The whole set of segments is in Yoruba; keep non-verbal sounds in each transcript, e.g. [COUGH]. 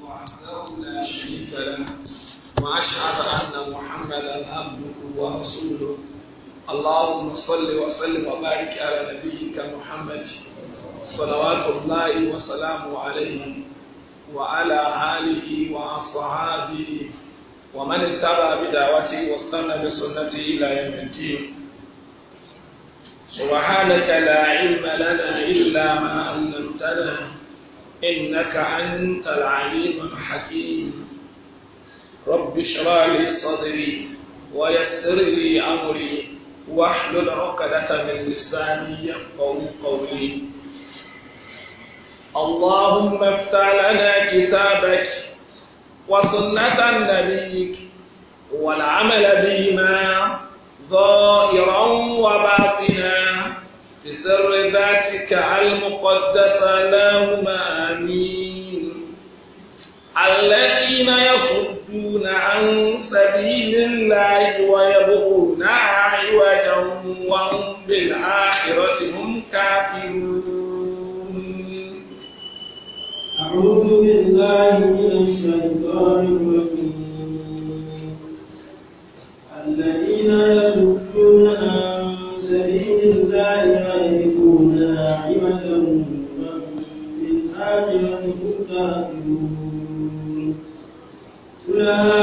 لا شريك له وأشهد أن محمدا عبده ورسوله اللهم صل وسلم وبارك على نبيك محمد صلوات الله وسلامه عليه وعلى آله وأصحابه ومن اتبع بدعوته واستنى بسنته إلى يوم الدين سبحانك لا علم لنا إلا ما علمتنا إنك أنت العليم الحكيم رب اشرح لي صدري ويسر لي أمري واحلل عقدة من لساني يفقه قولي اللهم افتح لنا كتابك وسنة نبيك والعمل بهما ظاهرا وباطنا بسر ذاتك المقدسة اللهم آمين الذين يصدون عن سبيل الله ويبغون عوجا وهم بالآخرة هم كافرون أعوذ بالله من الشيطان الرجيم الذين يصدون عن سبيل لا يعرفونها حملا بالآخرة هم كافرون أولئك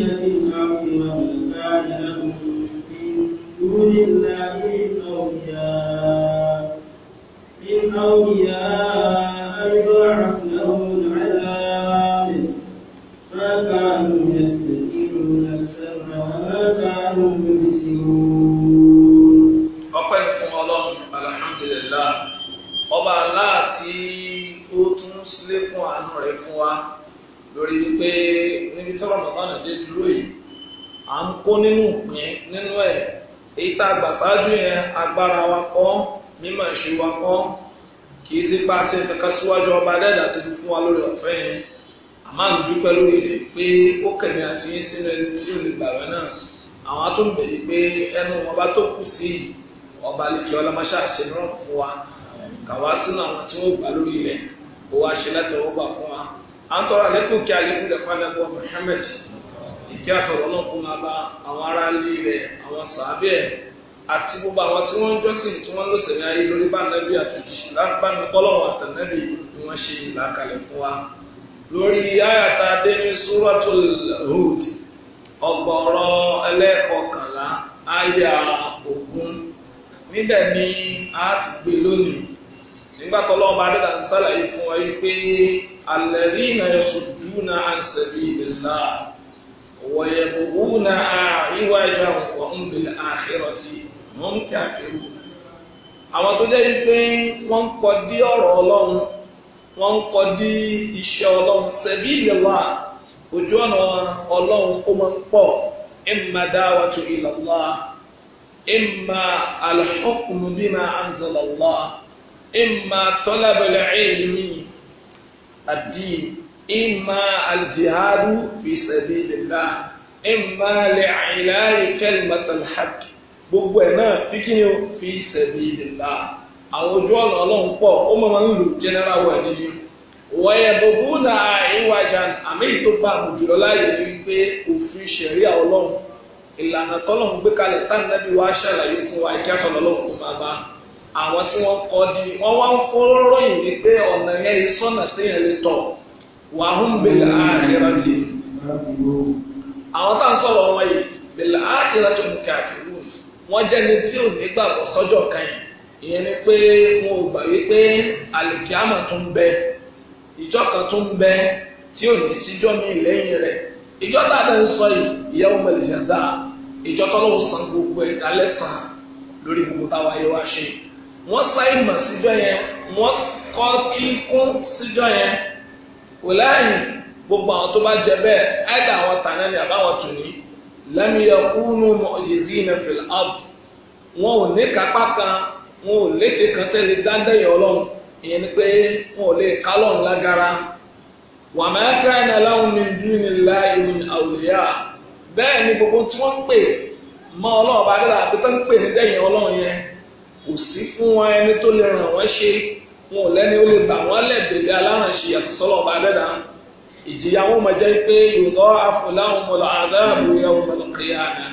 لم يكونوا معجزين في دون الله من أولياء من Ramadan dé dúró yìí à ń kó nínú ìpín nínú ẹ̀ èyí tá a gbà sáájú yẹn agbára wa kọ́ mímọ̀ ìṣe wa kọ́ kì í sí paṣẹ kankan síwájú ọba dẹ́dà tó ti fún wa lórí ọ̀fẹ́ yẹn àmọ́ à ń dúpẹ́ lórí rẹ̀ pé ó kẹ̀mí àti yín sínú ẹni tí ò lè gbàgbẹ́ náà àwọn atúmọ̀ yìí pé ẹnu ọba tó kù sí ọba lèkì ọlọmọṣà ṣe náà fún wa kàwá sínú àwọn tí wọ́n gbà lórí rẹ̀ ó wá ṣe lẹ́tọ̀ọ́ gbà fún wa àtọ́rọ àlékún kí àlékún lẹ́kọ́ àlẹ́kọ́ Muhammad ìkí àtọ̀rọ̀ náà kó máa bá àwọn ará ilé rẹ̀ àwọn sàábẹ̀ àti gbogbo àwọn tí wọ́n ń jọ́sìn tí wọ́n lọ́sẹ̀ ní ayé lórí bá nàbí àtúntì ṣùgbọ́n bá mi ni wọ́n ṣe ìlàkalẹ̀ fún wa. lórí ayàtà adémi Suratul Hud ọgbọ̀rọ̀ ẹlẹ́kọ̀ọ́kànlá ayà ògún níbẹ̀ ni a ti gbé lónìí nígbà tó lọ́wọ́ bá dẹ́ta ń sálàyé fún wa yìí pé alladhina yasudduna an sabilillah wa yabghuna iwajan wa hum bil akhirati hum kafirun. àwọn tó jẹ́ pé wọ́n ń kọ dí ọ̀rọ̀ ọlọ́run wọ́n ń kọ dí iṣẹ́ ọlọ́run sabilillah ojú ọ̀nà ọlọ́run ó máa ń pọ̀ imma da'watu ila Allah imma al-hukmu bima anzala Allah. إما طلب العلم الدين إما الجهاد في سبيل الله إما لإعلاء كلمة الحق gbogbo ẹ̀ náà fi kí ni o fi sabilillah àwọn ojú ọ̀nà ọlọ́run pọ̀ ó mọ̀ máa ń lò general well nínú wọ̀nyẹ gbogbo náà ìwàjà àmì tó bá àmùjùlọ láàyè ni wípé òfin ṣẹ̀ríà ọlọ́run ìlànà tọ́lọ́run gbé kalẹ̀ táǹdẹ́bí wa ṣàlàyé fún wa ìkẹ́kọ̀ọ́ lọ́lọ́run tó máa bá a àwọn tí wọ́n kọ́ di wọ́n wá ń fọ́rọ́rọ́yìn wípé ọ̀nà yẹn sọ́nà téèyàn lè tọ̀ wàhùn bèlè àṣírátì àwọn tá à ń sọ̀rọ̀ wọn yìí bèlè àṣírátì mú káfíìrù wọ́n jẹ́ ni tí ò nígbàgbọ́ sọ́jọ́ kan yìí ìyẹn ni pé wọn ò gbà wípé àlìkíámà tún bẹ ìjọ kan tún bẹ tí ò ní síjọ́ mi lẹ́yìn rẹ̀ ìjọ tá a lè ń sọ yìí ìyàwó wọ́n sáyé mà síjọ́ yẹn wọ́n kí kún síjọ́ yẹn wòláyìn gbogbo àwọn tó bá jẹ bẹ́ẹ̀ ẹ̀dá àwọn tàná ni àbáwọn ní kúnú wọn ò ní kápá kan wọn ò kan ìyẹn ni pé wọn ò lè kálọ̀ lágara wàmẹ́ káyìn aláwọn ní dúnì láàyè ní wọ́n ní kò sí fún wọn ẹni tó lè ràn wọ́n ṣe wọn ò lẹ́ni ó lè bà wọ́n lẹ́bẹ̀ẹ́bẹ́ alárànṣe àtúnṣọ́lọ́ ọba dẹ́dà ìjìyà wọn mọ̀ pé yòókọ́ afọláhùn mọ̀lọ́ àdáàbò ìyá wọn mọ̀lọ́ kìíyà náà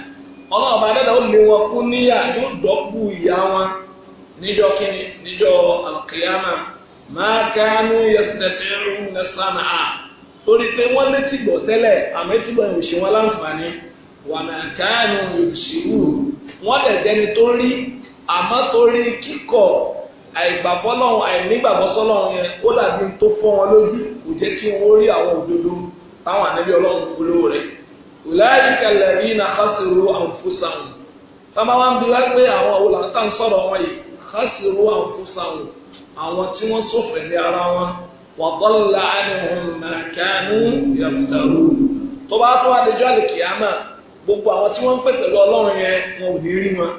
ọlọ́ọ̀bá dẹ́dà ó lé wọn kú níyà yóò dọ́kú ìyá wọn níjọ́ kíni níjọ́ àlùkìyàmà máa kánú yẹsẹ̀tẹ̀rù lẹ́sàn-án torí pé wọ́n létí ìwòsàn wọn láǹfààní àmọ́ torí kíkọ̀ àìgbàfọ́lọ́hún àìnígbàgbọ́sọ́lọ́hún yẹn ó dàbí tó fọ́ wọn lójú kò jẹ́ kí wọ́n rí àwọn òdodo táwọn ànábì ọlọ́run polówó rẹ̀ ulaika alladhina khasiru anfusahum tábà wá ń bi wá pé àwọn olàǹtà ń sọ̀rọ̀ wọn yìí khasiru anfusahum àwọn tí wọ́n sọ̀fẹ̀ ní ara wọn wa dalla anhum ma kanu tó bá tó wá àlè kìámà gbogbo àwọn tí wọ́n ń pè pẹ̀lú ọlọ́run yẹn wọn ò ní rí wọn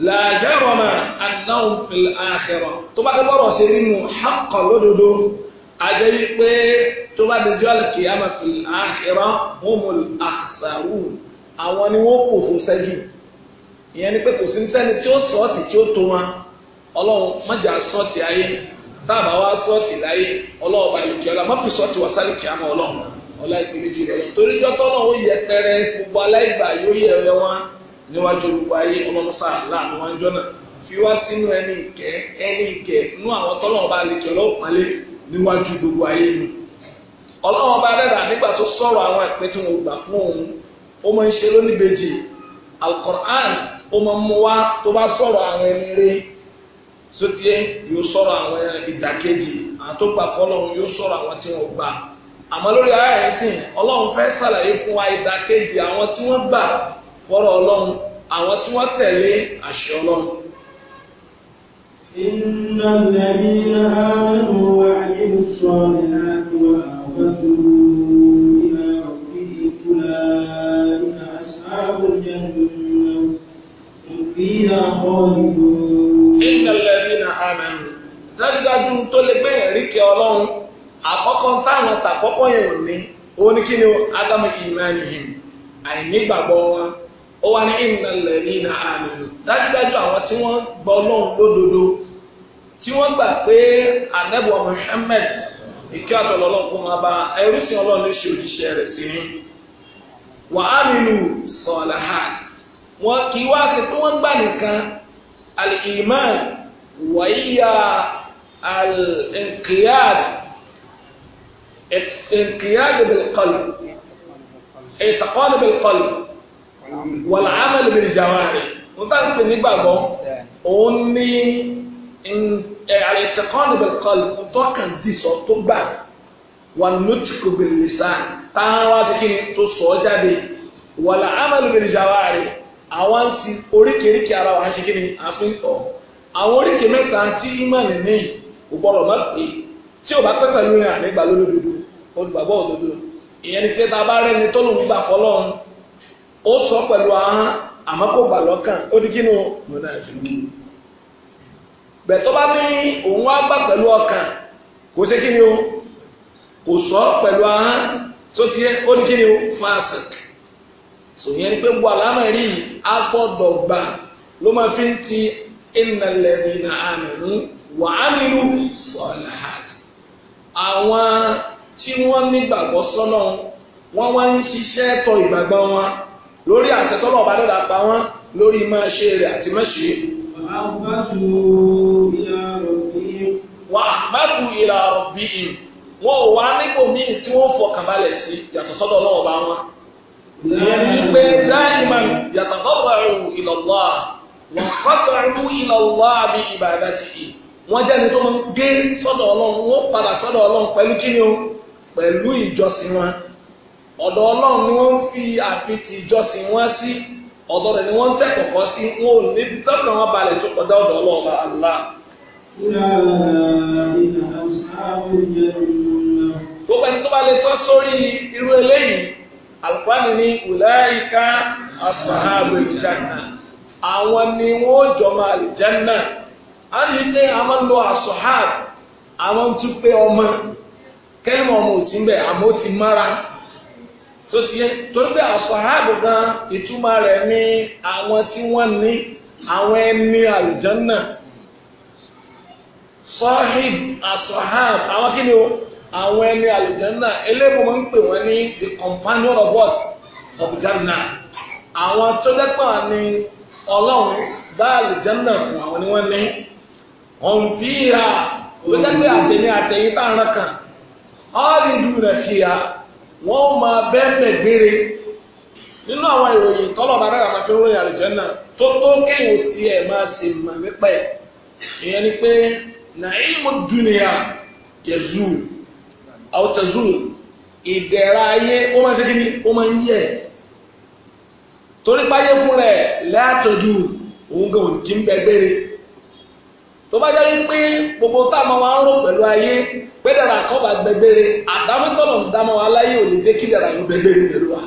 la jarama annahum fil akhirah tó bá gbọ́rọ̀ sí nínú haqqan lódodo ajẹ́ wípé tó bá dojú al-qiyamah fil akhirah humul akhsarun àwọn ni wọ́n kò fún sẹ́jù ìyẹn ni pé kò sí sẹ́ni tí ó sọ́ọ̀tì tí ó tó wọn ọlọ́run mọ́jà sọ́ọ̀tì ayé táàbà wá sọ́ọ̀tì láyé ọlọ́run bá lùkì ọlá mọ́fì sọ́ọ̀tì wà sálì kìámà ọlọ́run ọlá ìpínlẹ̀ jùlọ torí jọ́tọ́ náà ó yẹ pẹrẹ gbogbo aláìgbà yóò yẹ ẹ níwájú olùkọ ayé ọmọ láàánú wa ń jọ́nà fi wá sínú ẹni ìkẹ́ ẹni ìkẹ́ nú àwọn tọ́lọ́wọ́n bá lè kí ọlọ́wọ́ pálé níwájú gbogbo ayé mi ọlọ́wọ́n bá dẹ́dà nígbà tó sọ̀rọ̀ àwọn ìpín tí wọ́n gbà fún òun ó máa ń ṣe lóníbejì alukoran ó máa ń mú wá tó bá sọ̀rọ̀ àwọn ẹni rẹ̀ sotie yóò sọ̀rọ̀ àwọn ìdàkejì àtọ́gbà fọlọ́run yóò sọ̀rọ̀ àwọn tí wọ́n gbà àmọ́ lórí ayé ẹ̀sìn ọlọ́run fẹ́ sàlàyé fún wa ìdàkejì àwọn tí wọ́n gbà fọ́rọ̀ ọlọ́run àwọn tí wọ́n tẹ̀lé àṣẹ ọlọ́run. Iná lẹ́ni láàárọ̀ wà nínú sọ̀rọ̀ láti wà àwọ̀tò ìlà òfin ìkúlá ìlà sáàbù jẹ́nu dájúdájú tó lè gbẹ̀yìn ọlọ́run ó wá ní ìnàlẹ̀ ní ìnà àmìlú dájúdájú àwọn tí wọ́n gbọ́ ọlọ́run lódodo tí wọ́n gbà pé anẹ́bọ̀ Muhammad ìkẹ́ àtọ̀lọ́lọ́ fún wa bá ẹrú sí ọlọ́run ló ṣe òjíṣẹ́ rẹ̀ sí ní wà ámìlú sọ̀làhàt wọn kì í wá sí pé wọ́n gbà nìkan al-iman wàyíyà al-inqiyad inqiyad bil qalb ìtàkọ́ni bil qalb wàlá amẹ́lì bẹ̀rẹ̀ ìjàwá rẹ̀ mo bá ń pè nígbàgbọ́ òun ní àlẹ́tẹ̀kọ́ni bẹ̀rẹ̀ kọ́lù tọ́kàn dì sọ tó gbà wà lótìkò bẹ̀rẹ̀ lẹ́sà táwọn wá sí kí ni tó sọ ọ́ jáde wàlá amẹ́lì bẹ̀rẹ̀ ìjàwá rẹ̀ àwọn ń sin oríkèéríkèé ara wa ṣe kí ni àfin tọ̀ àwọn oríkèé mẹ́ta tí ìmọ̀lì ní kò gbọ́dọ̀ má pè tí ò bá pẹ́ pẹ̀lú rẹ̀ ànígbà lódodo olùgbàgbọ́ òdodo ìyẹn ni pé ta bá rẹ́ni tó lòun gbà fọlọ́run ó sọ pẹ̀lú ahọ́n àmọ́ kò gbà lọ́kàn ó di kínú mọ̀nàfíkì bẹ́ẹ̀ tó bá ní òun wá gbà pẹ̀lú ọkàn kò sí kí ni o kò sọ pẹ̀lú ahọ́n tó ti yẹ ó di kí ni sòyẹn pé bu àlámà rí agbọ́dọ̀ gbà ló máa fi ń ti ìnàlẹ́rìnà àmì wà á sọ̀lá àwọn tí wọ́n nígbàgbọ́ sọ́nà wọ́n wá ń ṣiṣẹ́ tọ ìgbàgbọ́ wọn lórí àṣẹ tọ́lọ̀ ọba lọ́la pa wọ́n lórí máa ṣe rẹ̀ àti má ṣe. wà á bá tu ìlà ọ̀bí im wọn ò wá nípò míì tí wọ́n fọkàn balẹ̀ sí yàtọ̀ sọ́dọ̀ ọlọ́wọ́ bá wọn. ìyẹn ni pé dáìmọ̀ yàtọ̀ bọ́bọ̀ ẹ̀rù ìlọ̀lá wọ́n kọ́tọ̀ ẹ̀rù ìlọ̀lá bí ìbàdà ti yìí wọ́n jẹ́ni tó máa ń gé sọ́dọ̀ ọlọ́run wọ́n padà sọ́dọ̀ ọlọ́run pẹ̀lú kíni o pẹ̀lú ìjọsìn wọn. ọ̀dọ̀ ọlọ́run ni wọ́n ń fi àfin ti ìjọsìn wọn sí ọ̀dọ̀ rẹ̀ ni wọ́n ń tẹ̀kọ̀kọ́ sí wọn ò ní tọ́kàn wọn balẹ̀ tó kọjá ọ̀dọ̀ àlá. gbogbo ẹni tó bá lè tọ́ sórí irú eléyìí àwọn ni wọ́n jọ máa lè lo àwọn tún pé ọmọ ọmọ òsínbẹ̀ àmọ́ ti mára. tó ti yẹ torí pé àwọn sọ̀háàbù gan ìtumọ̀ rẹ̀ ní àwọn tí wọ́n ní àwọn ẹni àlùjànnà sọ́hìb àsọ̀háàbù àwọn kí ni o àwọn ẹni àlùjànnà eléyìí mo ń pè wọ́n ní the companion of what of Jannah àwọn tó dẹ́pọ̀ ni ọlọ́run bá àlùjànnà fún àwọn ni wọ́n ní wọ́n fi ra òwe dẹ́pẹ́ àtẹ̀yìn àtẹ̀yìn bá ń kan ọ́ọ́rì ìlú rẹ̀ fi wọ́n máa bẹ́ẹ̀ gbére nínú àwọn ìròyìn tọ́lọ̀ bá dára máa fi ń ròyìn àlùjànnà tó tó kéèyàn tí ẹ̀ máa ṣe mà nípa ẹ̀ ìyẹn ni pé nàìmọ̀ dúnìyà jẹ̀zù àwòtẹ̀zù ìdẹ̀ra ayé ó máa ṣe kí ni ó máa ń yẹ̀ torí fún rẹ̀ látọ̀jú òun gan òjì ń bẹ gbére tó bá jẹ́ pé gbogbo tá a máa wá ń rò pẹ̀lú ayé pé dàrá kan bá gbẹgbẹrẹ àdámẹ́tọ̀nà dámọ́ wa láyé ò lè jẹ́ kí dàrá yóò gbẹgbẹrẹ pẹ̀lú wa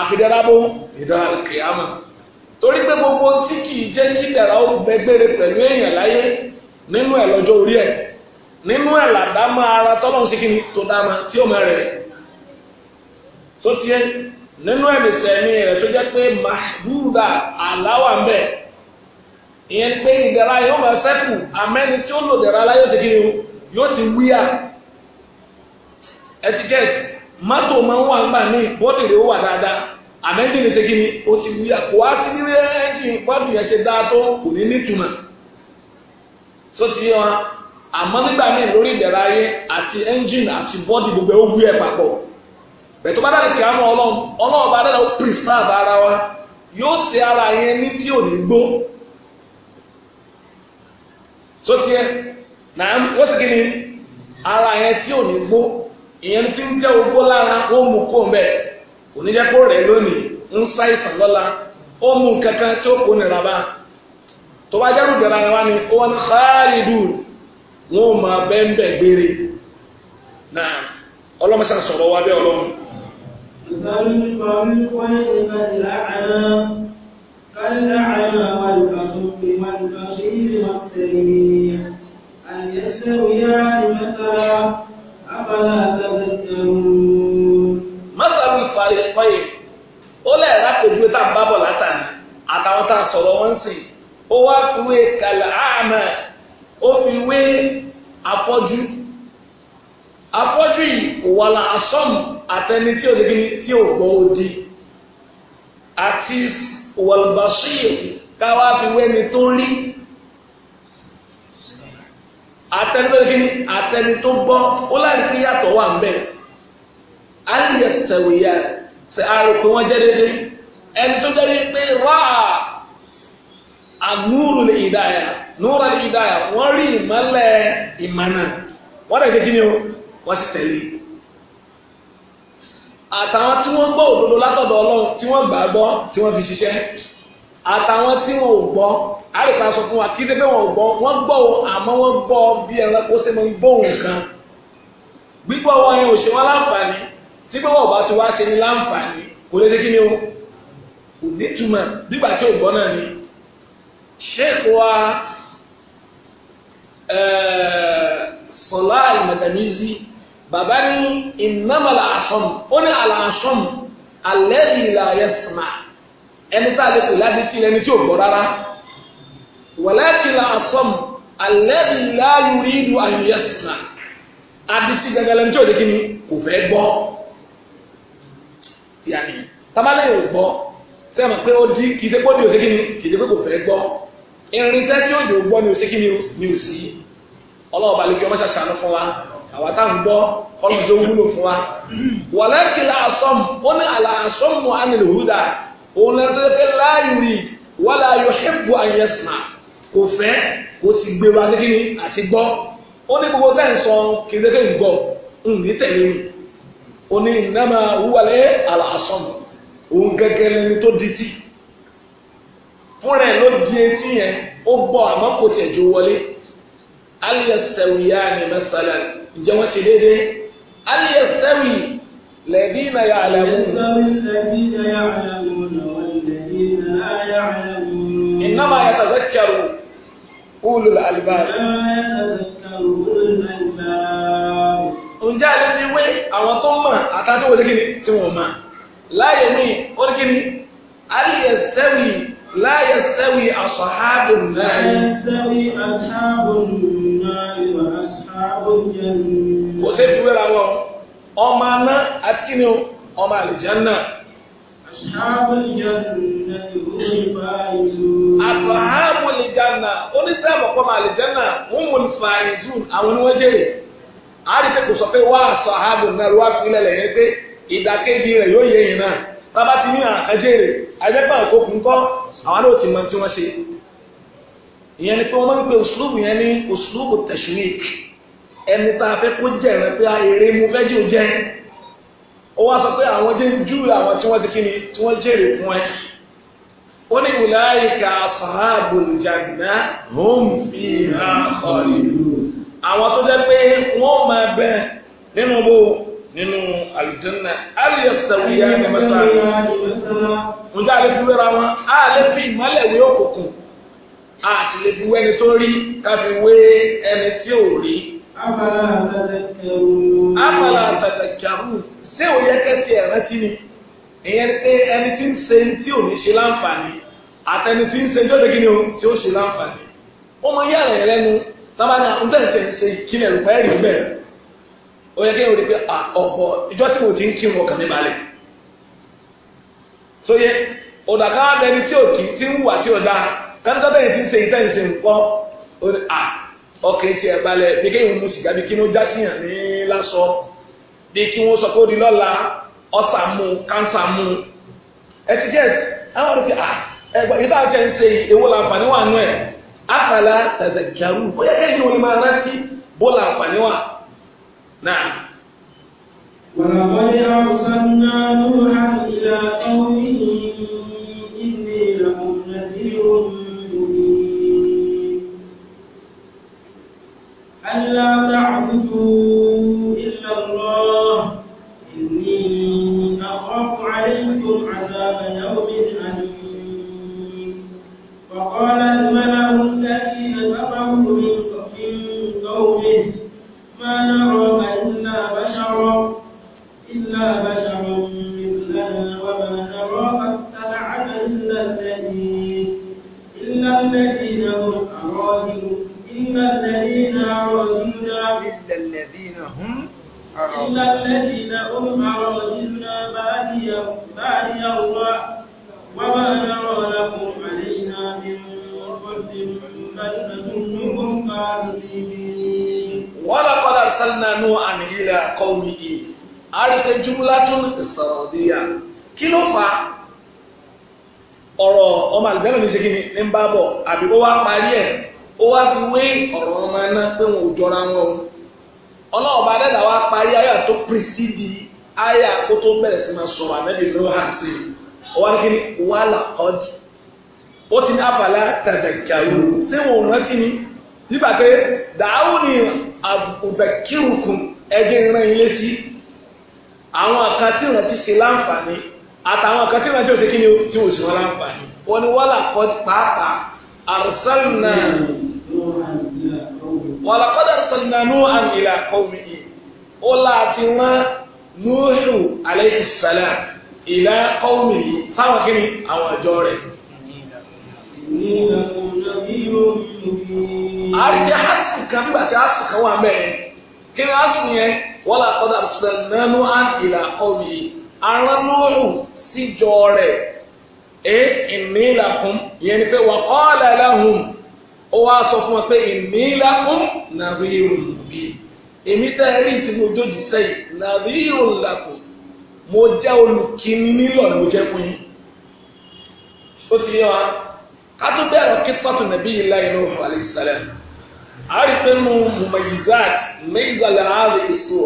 àfidàrá bó ìdára kìámà torí pé gbogbo tí kì í jẹ́ kí dàrá ó gbẹgbẹrẹ pẹ̀lú èèyàn láyé nínú ẹ̀ lọ́jọ́ orí ẹ̀ nínú ẹ̀ làdámọ́ ara tọ́lọ́hún sí kíni tó dáma tí ó mẹ́rẹ̀ rẹ̀ tó tiẹ̀ nínú ẹ̀ nìsẹ̀mí rẹ̀ tó jẹ́ pé màdúrà àláwà ń bẹ́ẹ̀ ìyẹn ni pé ìdẹ̀ra yóò máa sẹ́kù àmẹ́ni tí ó lò dẹ̀ra aláyọ̀ ṣe o yóò ti wíyà etiquette mọ́tò máa ń wà ń gbà ní ó wà dáadáa àmẹ́jìnì ṣe kiri ó ti wíyà kò wá sí nílé ẹ́ńjìn yẹn ṣe dáa tó kò ní nítumọ̀ tó ti yẹ wọn àmọ́ nígbà míì lórí ìdẹ̀ra ayé àti ẹ́ńjìn àti gbogbo ó papọ̀ bẹ̀tọ́ bá dára mọ tó tiẹ̀ na wọ́n sì kíni ara yẹn tí ò ní gbó ìyẹn tí ń jẹ́ ogbó lára ó mú kó mbẹ́ kò ní jẹ́ kó rẹ̀ lónìí ń ṣàìsàn lọ́la ó mú kankan tí ó kó nira bá tó bá jẹ́rù bẹ̀rẹ̀ ara wa ni ó wọn xaalidu wọn ò máa bẹ́ẹ̀ bẹ́ẹ̀ gbére náà ọlọ́mọṣà sọ̀rọ̀ wa bẹ́ẹ̀ ọlọ́run. ìbáraẹni kan wọ́n ń bá ìlà àná. الأعمى والبصير والبصير والسميع أن يستويان مثلا أفلا تذكرون مثل الفريقين ó lẹ́ẹ̀rá kojú tá a bá bọ̀ látàní àtàwọn tá a sọ̀rọ̀ wọn sì ó wá fi wé kàlà àmà ó fi wé afọ́jú afọ́jú yìí kò wà lá asọ́mù àtẹni tí ò ní kí ni tí ò gbọ́ odi àti wọlbàṣír káwá fi wẹ́ni tó rí atẹni tó ni atẹni tó gbọ́ ó láti fi yàtọ̀ wà ń bẹ̀ alìyẹ sẹ̀wé yá sẹ àrò pé wọ́n jẹ́ dédé ẹni tó jẹ́ wípé wá ànúrù lè ìdáyà núrù lè ìdáyà wọ́n rí ìmọ́lẹ̀ ìmọ̀nà wọ́n dẹ̀ ṣe kí ni o wọ́n sì tẹ̀lé àtàwọn tí wọ́n gbọ́ òdodo látọ̀dọ̀ ọlọ́run tí wọ́n gbà gbọ́ tí wọ́n fi ṣiṣẹ́ àtàwọn tí wọn ò gbọ́ àríkà sọ fún wa kí ṣe pé wọn ò gbọ́ wọ́n gbọ́ o àmọ́ wọ́n gbọ́ bí ẹranko ṣe máa ń gbóhùn gbígbọ́ wọn yẹn ò ṣe wọn láǹfààní tí pé wọn ò bá ti wá ṣe ní láǹfààní kò lè ṣe kí ni o kò ní túmọ̀ nígbà tí ò gbọ́ náà ni sheikh wa eh, Salah al bàbá ní ìnámàlà àṣọm ó ní àlà àṣọm alẹ́ ìlà ayẹ́sìmá ẹni tá a lè pè láti tí ẹni tí ò gbọ́ rárá wàlákìlà àṣọm alẹ́ ìlà ayúrí ìlú ayẹ́sìmá adití gẹ́gẹ́lẹ́ tí ò lè kíni kò fẹ́ gbọ́ yàní tábàlẹ̀ ò gbọ́ sẹ́wọ̀n pé ó di kì í ṣe pé ó di òṣèkíni kì í ṣe pé kò fẹ́ gbọ́ irinṣẹ́ tí ó dì gbọ́ ni òṣèkíni ni òsì ọlọ́ọ̀bà lè kí ọmọ ṣàṣà lọ fún wa àwa tá ń gbọ́ ọlọ́run tó wúlò fún wa. wàlẹ́kì làásọ̀m ó ní àlàásọ̀m mu ánìlè húdà òun lẹ́nu tó yẹ pé láàyè rí wàlá ayọ̀ hẹ́pù àyẹ̀sìmà kò fẹ́ kò sì gbé wa ní kíni àti gbọ́ ó ní gbogbo bẹ́ẹ̀ sọ kìrìkìrì gbọ́ ní tẹ̀lé mi ó ní ìnáma wúwalẹ̀ àlàásọ̀m òun gẹ́gẹ́ lẹ́ni tó di tí fúnra ẹ̀ ló di etí yẹn ó gbọ́ àmọ́ kò tẹ̀ jó wọlé alẹ́ sẹ̀wìyá ni mẹ́sàlẹ̀ ǹjẹ́ wọ́n ṣe déédéé alẹ́ sẹ́wì lẹ́bí náà yà àlàmú. ìnáma yà tàzá kyàrú kúlù àlùbá. ǹjẹ́ àlẹ́ ti wé àwọn tó mọ̀ àtàtúwò wọlékìní tí wọ́n mọ̀ láyé ní wọlékìní alẹ́ sẹ́wì. لا يستوي أصحاب النار لا يستوي أصحاب النار kò sí fi wéra wọn ọmọ aná àti kíni o ọmọ àlìjánná. Asahabu alijanna oníṣẹ́ àmọ̀kọ́ ma alijanna humul faizun àwọn ni wọ́n jèrè. Àárín tẹ́ kò sọ pé wá asahabu náà ló wá filẹ̀ lẹ́yìn pé ìdàkejì rẹ̀ yóò náà. Bàbá ti ní àwọn náà ti mọ tí wọ́n ṣe. Ìyẹn ni pé wọ́n máa ń pe òṣùlùmù yẹn ní òṣùlùmù ẹni tá a fẹ́ kó jẹ̀rẹ̀ pé èrè mo fẹ́ jẹ́ òjẹ́ ó wá sọ pé àwọn jẹ́ jù àwọn tí wọ́n ti kíni tí wọ́n jèrè fún ẹ ó ní ulaika ashabul janna hum fiha khalidun àwọn tó jẹ́ pé wọ́n máa bẹ nínú bó nínú aljanna alẹ́sẹ̀wìyá ni mẹ́ta ǹjẹ́ alẹ́ fi wéra wọn á lè fi ìmọ́lẹ̀ wé òkùnkùn a sì lè fi wé tó rí ká ẹni tí ò rí afala tazakkarun afala tazakkarun yẹ kẹ́ tiẹ̀ rántí ni ìyẹn pé ẹni tí ń se tí o ní ṣe láǹfààní àtẹni tí ń ṣe tí ó ni o tí ó ṣe láǹfààní ó mọ yàrá yẹn lẹ́nu tábàdà ń tẹ̀ ń ṣe kí ni ẹ̀rùpá ẹ̀rì yẹ kí n rí pé ọ̀pọ̀ ìjọ tí mo ti ń kí wọn kàn mí balẹ̀ so yẹ bẹni tí kì í ti ń bẹ́ẹ̀ ti ń ọkàn tí ẹ balẹ̀ bí kéèyàn mu sìgá bí kí ni ó já síyàn ní lásọ bí kí wọ́n sọ pé ó di lọ́la ọ̀sà mu kánsà mu etiquette àwọn ọ̀rọ̀ pé ah ẹgbẹ́ ìbá jẹ́ ń ṣe èwo làǹfààní wà nù ẹ̀ àfàlà tàzàkàrù bóyá kéèyàn ní onímọ̀ arántí bó làǹfààní wà náà. ولقد أرسلنا نوحا إلى قومه إني لكم نذير ألا تعبدوا إلا الذين هم أراضنا بادي الرأي وما نرى لكم علينا من فضل بل نظنكم كاذبين ولقد أرسلنا نوحا إلى قومه عرفت جملة استرضية كيلو فا ọmọ ní ṣe kí ni bá àbí ó wá parí ó wá fi wé ọmọ pé wọn ò jọra wọn o ọlọ́run bá dẹ́dà wá parí ayé àtó pírísìdì ayé àkótó bẹ̀rẹ̀ sí máa sọ̀rọ̀ ànábì ló hàn sí i wọ́n kí ni wàhálà kọ́dì ó ti ní àfàlà tàdàkàrú sí wọn ò rántí ni nígbà pé dàáwù ni àbùkùdàkírùkùn ẹjẹ ìran ilé tí àwọn kan tí ìrántí ṣe láǹfààní àtàwọn kan tí ìrántí ò ṣe kí ni tí ò ṣe wọn láǹfààní wọn ni wàhálà kọ́dì pàápàá àrùsálù náà wàlàkọ́dà sọ̀nà nuhan ìlà kọ́mi yìí ó láti rán nuhu alayhi salam ìlà kọ́mi yìí sáwọn kiri àwọn àjọ rẹ̀. àríkẹ́ àsìkà nígbà tí àsìkà wà mẹ́rin kí ni àsìkò yẹn wàlàkọ́dà sọ̀nà nuhan ìlà kọ́mi yìí arán nuhu síjọ rẹ̀ ẹ̀ ìnílà kún yẹn ni pé wàkọ́ọ̀lá lahum. ó wá sọ fún wọn pé ìmílá fún nàbí olùbí èmi tẹ́ ẹ rí ti mo dójú sẹ́yìn nàbí olùlàkùn mo jẹ́ olùkíní lọ ló jẹ́ fún yín ó ti yẹ wa ká tó bẹ̀rẹ̀ kí sọ́tún nàbí yìí láyé ló fà lè nu mumayizat mẹ́gbàlá àárẹ̀ èso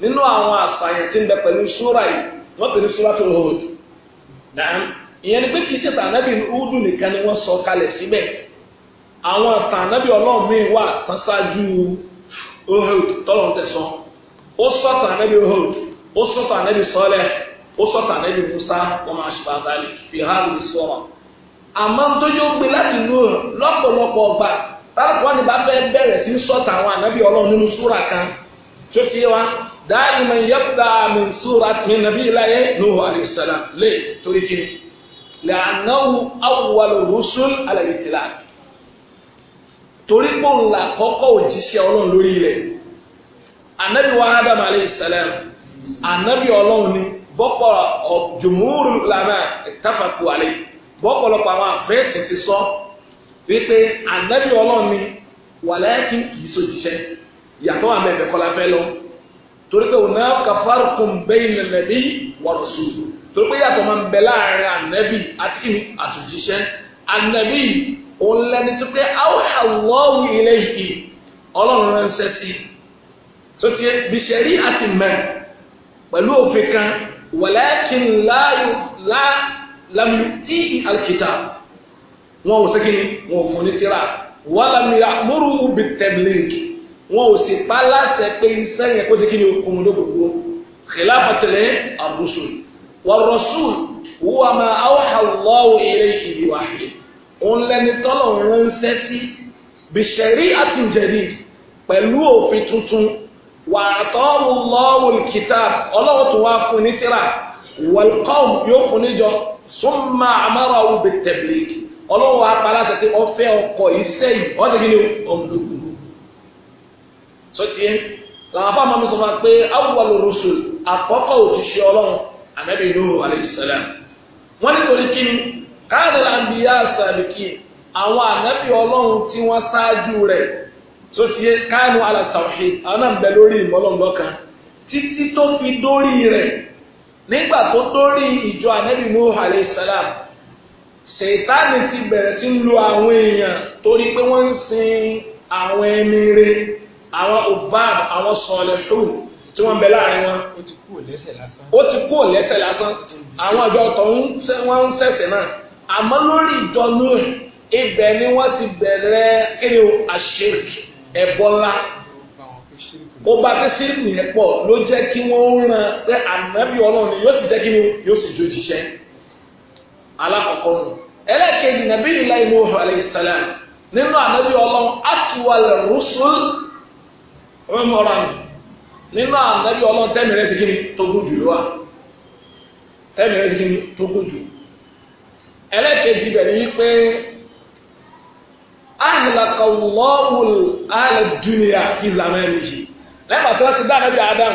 nínú àwọn àṣàyàn tí ń bẹ pẹ̀lú ṣúra yìí wọ́n pè ní ìyẹn ni pé kì í ní àwọn tànàbí ọlọ́run mi wà tán ṣáájú ohud tọ́lọ̀ tẹ̀sán ó sọ̀tà ànábì ohud ó sọ̀tà ànábì sọ́lẹ̀ ó sọ̀tà ànábì musa wọn máa ṣe bàbáàlì fi hàn mí sọ̀rọ̀ àmọ́ tójú gbé láti nù lọ́pọ̀lọpọ̀ ọgbà táwọn wọn ni bá fẹ́ bẹ̀rẹ̀ sí sọ̀tà àwọn ànábì ọlọ́run nínú súra kan tó ti wá dáìmọ̀ yẹ́pùtà min súra min nàbí láyé nuhu alayhi salam lè torí kiri torí pé òun là kọ́kọ́ òjíṣẹ́ ọlọ́run lórí ilẹ̀ anabi wa adam alayhi salam anabi ọlọ́run ni bọ́pọ̀ jùmúrù lànà ìtafàkù alẹ́ bọ́pọ̀lọpọ̀ àwọn àfẹ́sì ti sọ wípé anabi ọlọ́run ni wàlẹ́kì kìí sojìṣẹ́ yàtọ̀ àmì ẹ̀bẹ̀kọ́lá fẹ́ lọ torí pé òun náà kàfàrù kùn bẹ́yìn nàbí wọ̀rọ̀sù torí pé yàtọ̀ máa ń bẹ láàrin anabi àti àtòjíṣẹ́ anabi òun lẹni tó pé awọ́wọ́ ilé yìí ọlọ́run ránṣẹ́ sí tó ti bìṣẹ̀rí àti mẹ́ pẹ̀lú òfin kan walakin láàmú tí alkita wọn ò sẹ́kìn wọn ò fún ní tíra wọ́n lámú ya'muru bit-tabligh wọn ò sì pa láṣẹ pé iṣẹ́ kó sẹ́kìn okùn ló gbogbo khilafatele ar-rusul war-rasul huwa ma awha Allahu ilayhi bi òun lẹni tọ́lọ̀ ń ṣẹ́ sí bìṣẹ̀rí àtìjẹ̀rí pẹ̀lú òfin tuntun wà àtọ́wò lọ́wọ́ kìtà ọlọ́wọ́ tó wá fún ní tíra wọ̀lkọ́m yóò fún níjọ súnmọ́ àmọ́ra òbí tẹ̀blíkì ọlọ́wọ́ apaláṣẹ pé ọfẹ́ ọkọ̀ iṣẹ́ yìí wọ́n ti gbé ọmọdókòwò sọtìyẹ làwọn afáàmọ́ mi sọ fún wa pé awùwàlú rusul àkọ́kọ́ òjíṣẹ́ ọlọ́run ànábì Nuhu káàdìlà ń bi yá sàlùkì àwọn ànábì ọlọ́run tí wọ́n ṣáájú rẹ̀ tó ti káànù àlà tawhid àwọn náà ń bẹ lórí ìmọ̀lọ́ngbọ́ kan títí tó fi dórí rẹ̀ nígbà tó dórí ìjọ ànábì Nuh alayhi salam ṣètánì ti bẹ̀rẹ̀ sí ń lo àwọn èèyàn torí pé wọ́n ń sin àwọn ẹni rẹ̀ àwọn obab àwọn sọ̀lẹ̀hùn tí wọ́n bẹ láàrin wọn. ó ti kú ò lẹ́sẹ̀ lásán. ó ti kú ò lẹ́sẹ̀ lásán àwọn àjọ ọ̀tọ̀ wọ́n ń ṣẹ̀ṣẹ̀ náà. àmọ́ lórí ìjọnú ẹ̀ ibẹ̀ ni wọ́n ti bẹ̀rẹ̀ kíni o àṣekì ẹ̀bọ ó bá pé sírìmù yẹn pọ̀ ló jẹ́ kí wọ́n ràn pé ànábì ọlọ́run yóò sì jẹ́ kí wọ́n yóò sì jó jíṣẹ́ alákọ̀ọ́kọ́ nù ẹlẹ́ẹ̀kejì nàbí ìlà ìlú alayhisalaam nínú ànábì ọlọ́run ẹlẹ́kejì bẹ̀ ni wípé ahlaka lọ́wọ́l ahlẹ̀ dúnìyà fi zamani yìí lẹ́yìn wọ́n ti dá anábì adam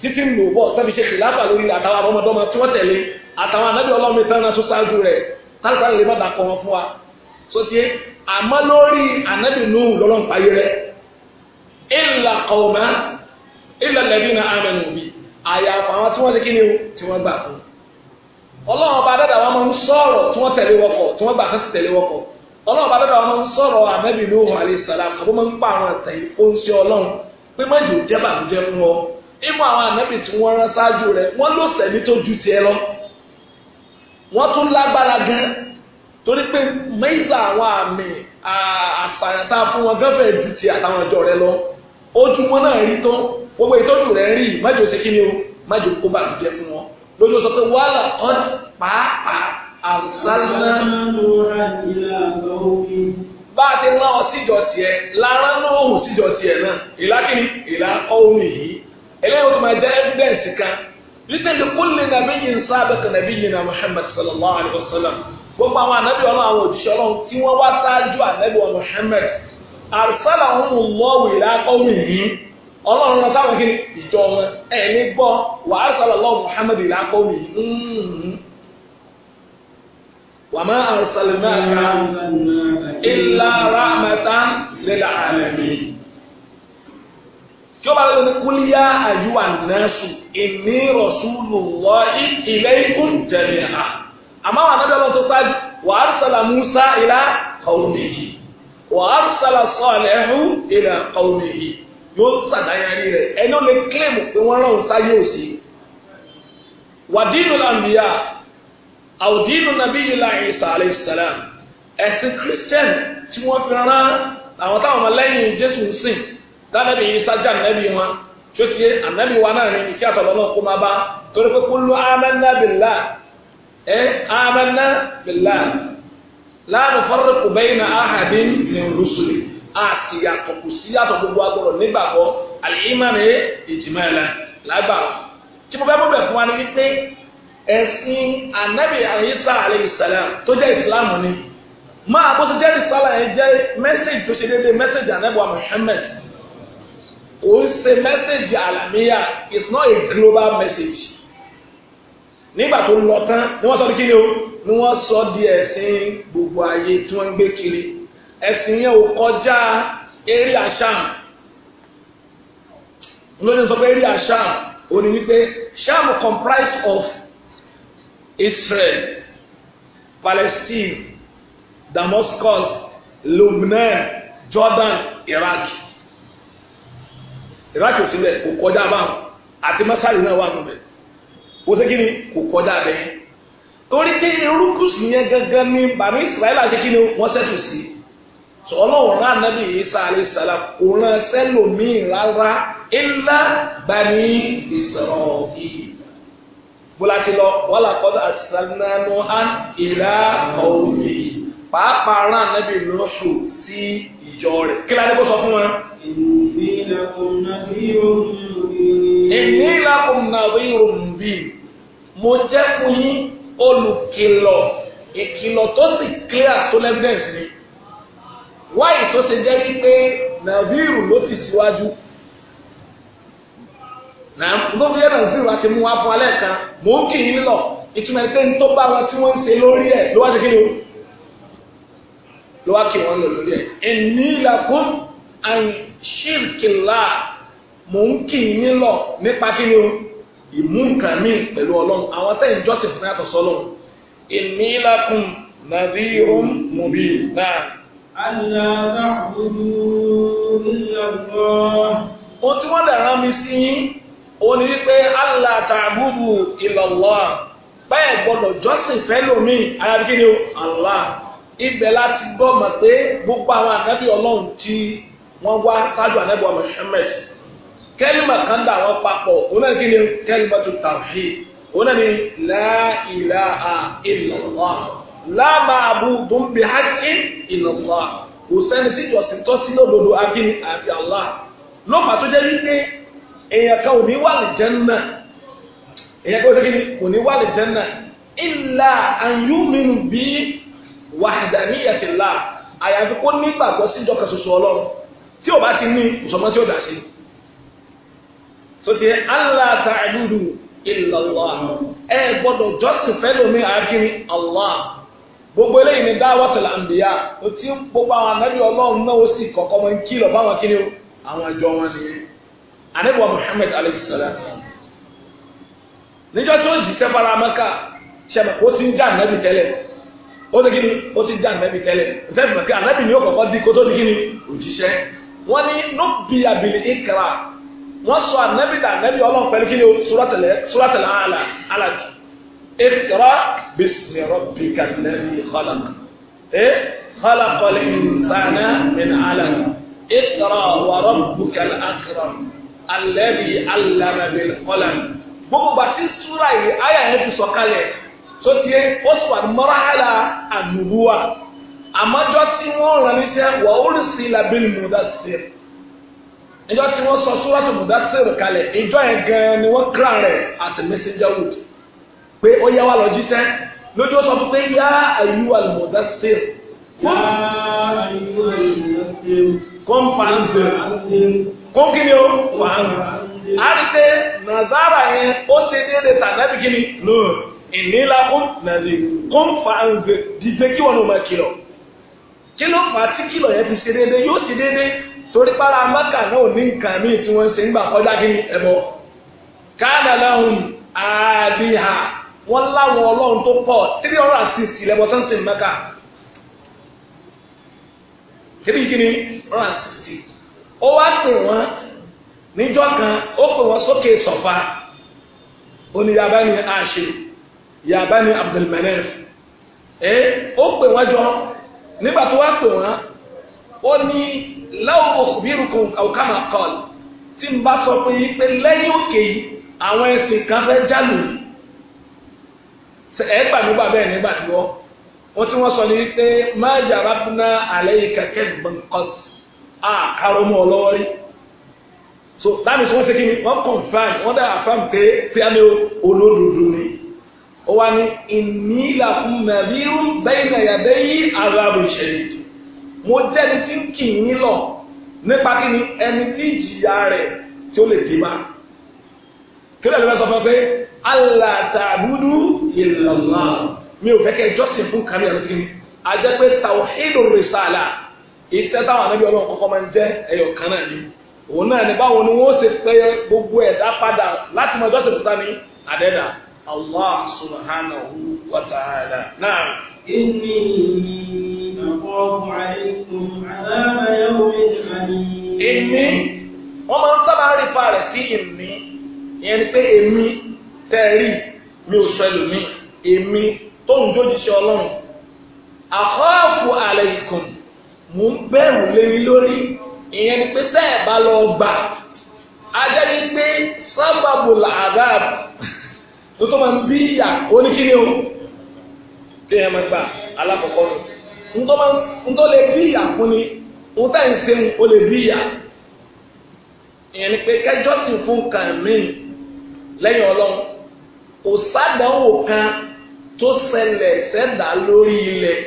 títí nù bọ̀ tàbí ṣe kìláfà lórí àtàwọn ọmọdọ́mọ tí wọ́n tẹ̀lé àtàwọn anábì ọlọ́mi tán náà tó ṣáájú rẹ̀ tálùkà lè má dàpọ̀ wọn fún wa sóti àmọ́ lórí anábì nù lọ́lọ́n payé rẹ̀ ìlà kọ̀ọ̀mà ìlà lẹ́bí na amẹnu bí àyàfà àwọn tí wọ́n ti kí ni tí wọ́n gbà fún un ọlọ́run ọba dada wọn máa ń sọ̀rọ̀ tí wọ́n tẹ̀lé wọkọ̀ tí wọ́n gbà fẹ́ sí tẹ̀lé wọkọ̀ ọlọ́run ọba dada wọn máa ń sọ̀rọ̀ ànábì Nuhu alayhi salam àbó máa ń pa àwọn àtẹ̀ ìfọ́nsí ọlọ́run pé má jò jẹ́ bàjẹ́ fún ọ ìmọ̀ àwọn ànábì tí wọ́n rán ṣáájú rẹ̀ wọ́n ló sẹ̀mí tó ju tiẹ̀ lọ wọ́n tún lágbára gan torí pé mẹ́ta àwọn àmì àṣàyàn tá a fún wọn gánfẹ̀ ju ti àtàwọn ọjọ́ rẹ lọ ojúmọ́ náà rí tán gbogbo ìtọ́jú rẹ̀ rí májò sí kí ni o májò kó bàjẹ́ fún lójú sọ pé wàhálà ọ̀dì pàápàá àrùsálùmá. bá a ṣe ná ọ síjọ tiẹ̀ lára náà òun síjọ tiẹ̀ náà ìlà ìlà ọ̀hún yìí eléyìí ó ti máa jẹ́ evidence kan lílẹ̀ ní kúlẹ̀ nàbí yìí ń sábẹ̀ nàbí yìí na Muhammad sallallahu alayhi wa sallam gbogbo àwọn ànábì ọlọ́run àwọn òjíṣẹ́ ọlọ́run tí wọ́n wá sáájú ànábì wa Muhammad àrùsálùmá ọ̀hún lọ́wọ́ ìlà ọ̀hún yìí ọlọ́run lọ sáwọn kí ìjọ wọn ẹ̀mí gbọ́ wa arsalallahu Muhammad ila qawmi hmm. wa ma arsalnaka illa rahmatan lil alamin tí ó bá lọ ní kúlíyà àyùwà nẹ́ẹ̀sù ìní rọ̀ṣúlù wọ ilẹ̀ ikú jẹ̀rẹ̀ ha àmọ́ àwọn anábẹ́ lọ́tọ́ sáájú wà á Musa ilá kàwé yìí wà á sọ̀lá sọ̀lá ẹ̀hún yìí yóò sàdáyàrí rẹ̀ ẹni ó lè kílèmù pé wọ́n rán òun sáyé òsì wàdínú làǹbíyà àwòdínú nàbí ìlà Ìsá alayhi ẹ̀sìn christian tí wọ́n fi rán àwọn táwọn ọmọlẹ́yìn Jésù ń sìn dánàbí Ìsá jà nàbí wọn tí ó ti yé ànábì wa náà ní ìkí àtọ̀lọ́ náà kó máa bá torí pé kó ló amanna billah ẹ amanna billah la nufarriqu bayna ahadin min rusuli a sì yàtọ̀ kò sí yàtọ̀ gbogbo agbọ̀rọ̀ nígbàgbọ́ àlìyímánì ìjìmọ̀ ẹ̀lẹ́ lágbàrọ̀ tí mo fẹ́ bọ́ bẹ̀ fún wa ni wípé ẹ̀sìn anabi ayisa alayhi salam tó jẹ́ ìsìlámù ni máa bó ṣe jẹ́ ìsìlámù yẹn jẹ́ mẹ́sẹ̀jì tó ṣe déédéé mẹ́sẹ̀jì anabi wa Muhammad kò ń ṣe mẹ́sẹ̀jì alamiya it's not a global message nígbà tó lọ tán ni wọ́n sọ di kí ni o ni wọ́n sọ di ẹ̀sìn gbogbo ayé tí wọ́n ń gbé kiri ẹ̀sìn yẹn ò kọjá eré àṣà lónìí sọ pé eré àṣà ò ní wípé sham comprise of Israel Palestine Damascus Lebanon Jordan Iraq Iraq ò sílẹ̀ kò kọjá báwọn àti masari náà wà nù bẹ́ẹ̀ wọ́n ṣe kí ni kò kọjá bẹ́ẹ̀ torí pé irúkùsù yẹn gangan ni bàmí Israẹli àṣekí ni wọ́n ṣètò sí i sọ ọlọ́run rán anábì Isa alayhi salam kò rán sẹ́lòmíì rárá illa bani Isra'il bólátí lọ wọ́n làkọ́dọ̀ àti sàlánú án ìlà ọ̀wé pàápàá rán anábì lọ́sù sí ìjọ rẹ̀ kí ládé kó sọ fún wọn. Inni lakum nadhirun mubin. Inni Mo jẹ́ fún yín olùkìlọ̀ ìkìlọ̀ tó sì clear tó lẹ́gbẹ̀ẹ́sì ni wáyé tó ṣe jẹ́ wípé nàvíìrù ló ti síwájú ló fi yẹ nàvíìrù àti mú wá fún alẹ́ kan mò ń kì í lọ ìtumọ̀ ẹni pé ní tó bá wọn tí wọ́n ń ṣe lórí ẹ̀ ló wá ti kí ni o ló wá kí wọ́n lò lórí ẹ̀ ẹ̀ní làkún àṣìkìlá mò ń kì nílọ nípa kí ni o ìmú mi pẹ̀lú ọlọ́run àwọn tẹ́yìn jọ́sìn fún yàtọ̀ sọ́lọ́run ẹ̀ní làkún nàvíìrù mùbí náà. ألا تعبدوا إلا الله ohun tí wọ́n lè rán mi sí yín òun ni wípé Allah ta'budu illallah bẹ́ẹ̀ gbọ́dọ̀ jọ́sìn fẹ́ lómi ayábí kí ni o Allah ibẹ̀ láti gbọ́ mọ̀ pé gbogbo àwọn ànábì ọlọ́run tí wọ́n wá ṣáájú ànábì ọmọ Muhammad kẹ́lìmà kan dà wọ́n papọ̀ òun náà kí ni kẹ́lìmà tó tawhid òun náà ni la ilaha láàmà àbúdùn bí hákì ìlànà kò sẹ́ni tí ìjọsìn tọ́ sí lódodo akíní àfi Allah ló fà tó jẹ́ wípé èèyàn kan ò ní wà lè Janna èèyàn kan ò ní wà lè Janna ìlà àyùmínú bí wàhádàníyàtìlá àyàfi kó nígbàgbọ́ síjọ kan ṣoṣo Ọlọ́run tí ò bá ti ní ìsọgbọ́n tí ó dà sí tó ti Allah ta'budu illa Allah ẹ gbọ́dọ̀ jọ́sìn fẹ́ lómi àákíní Allah gbogbo eléyìí ni dáwọ́tìlá àǹbíyá o ti ń gbogbo àwọn anábì ọlọ́run náà ó sì kọ̀kọ́ mọ́ ń kìlọ̀ fáwọn kí ni o àwọn ìjọ wọn nìyẹn anábìwọ̀ Muhammad alayhi salam níjọ́ tí ó jíṣẹ́ fara mẹ́ka ṣẹlẹ̀ ó ti ń já ànábì tẹ́lẹ̀ ó ti kíni ó ti ń já ànábì tẹ́lẹ̀ ìfẹ́fẹ́ mọ̀ pé ànábì ni ó kọ̀kọ́ di kó tó kíni òjíṣẹ́ wọ́n ní nóbì àbìlì ìkàrà wọ́n sọ ànábì dà ànábì ọlọ́run pẹ̀lú kíni o súrátẹ̀lẹ̀ اقرأ باسم ربك الذي خلق ايه خلق الإنسان من علق اقرأ وربك الأكرم الذي علم بالقلم gbogbo bàtí súra yìí àyà yẹn fi sọ̀kalẹ̀ sotie ó sì wà ní mọ́ràhálà ànúbúwà àmọ́jọ́ tí wọ́n rán níṣẹ́ wà oríṣi labẹ́lì mudasir ìjọ tí wọ́n sọ súra tó mudasir kalẹ̀ ìjọ yẹn gan-an ni wọ́n kíra rẹ̀ as a messenger wood pé ó yá wa lọ jíṣẹ́ lójú ó sọ fún pé yá àyíwá lòmọ̀dá sèl. kọ́m fàánzẹ̀ kó kí ni ó fàánzẹ̀ á rí pé nàzàrà yẹn ó ṣe déédéé tàbí kí ni lóòrùn ìnílákún nàzẹ̀ kọ́m fàánzẹ̀ dìde kí wọn ò máa kìlọ̀ kí ló fà á tí kìlọ̀ yẹn fi ṣe déédéé yóò ṣe déédéé torí pàrọ̀ amáka náà ní nǹkan míì tí wọ́n ń ṣe ń gbà kọjá kí ni ẹ̀bọ káàdà láhùn àdìhà wọ́n láwọn ọlọ́run tó pọ̀ three hundred sixty lẹ́bọ̀ tó ń sìn mẹ́ka three kìíní hundred and sixty ó wá pè wọ́n níjọ́ kan ó pè wọ́n sókè sọ̀fà oníyàbá ni àṣẹ yàbá ni Abdulmanaf ẹ ó pè wọ́n jọ nígbà tó wá pè wọ́n ó ní láwọn òkùnbírùkùn àwòkámà kọ́ọ̀lù tí ń bá sọ fún yín pé lẹ́yìn òkè yìí àwọn ẹ̀sìn kan fẹ́ jálù yìí ẹ gbà mí gbà bẹ́ẹ̀ nígbà tí wọ́n wọ́n tí wọ́n sọ ní pé máa jàrá bùnà àlẹ́ yìí a gbọ̀ǹkọ́t àkàrọ̀ mọ́ ọ lọ́wọ́ rí so that means wọ́n ṣe kí ni wọ́n confirm wọ́n dá àfam pé píámẹ́ olódodo ni ó wá ní ìnílà nàbírú bẹ́ẹ̀nà yàdé yí arábù ìṣẹ̀lẹ̀ mo jẹ́ni tí ń kì í lọ nípa kí ni ẹni tí ìjìyà rẹ̀ tí ó lè dé bá kí ló lè sọ fún ọ pé allah ta'budu illallah mi ò fẹ́ kẹ́ jọ́sìn fún kàmí àti ajẹ́ pé tawhidur risala iṣẹ́ táwọn anábì ọlọ́run kọ́kọ́ máa ń jẹ́ ẹyọ kan náà ni òun náà ni báwo ni ṣe pé gbogbo padà láti mọ fún allah subhanahu wa ta'ala náà. wọ́n máa ń tẹ́ẹ̀rí mi ò sọ ẹlòmí èmi tóun jójíṣẹ́ ọlọ́run àkọ́ọ̀fù alaykum mò ń bẹ̀rù lérí lórí ìyẹn ni pé tẹ́ẹ̀ bá lọ gbà ajẹ́ ni pé sábàbù làdáàbù tó tó máa ń bí ìyà oníkíní o tí ẹ máa gbà alákọ̀ọ́kọ́ nù ntọ́ lè bí ìyà fún ni n tẹ́ ń ṣe o lè bí ìyà ìyẹn ni pé kẹjọ́sìn fún kàmíìn lẹ́yìn ọlọ́run kò sádánwò kan tó ṣẹlẹ̀ sẹ́dá lórí ilẹ̀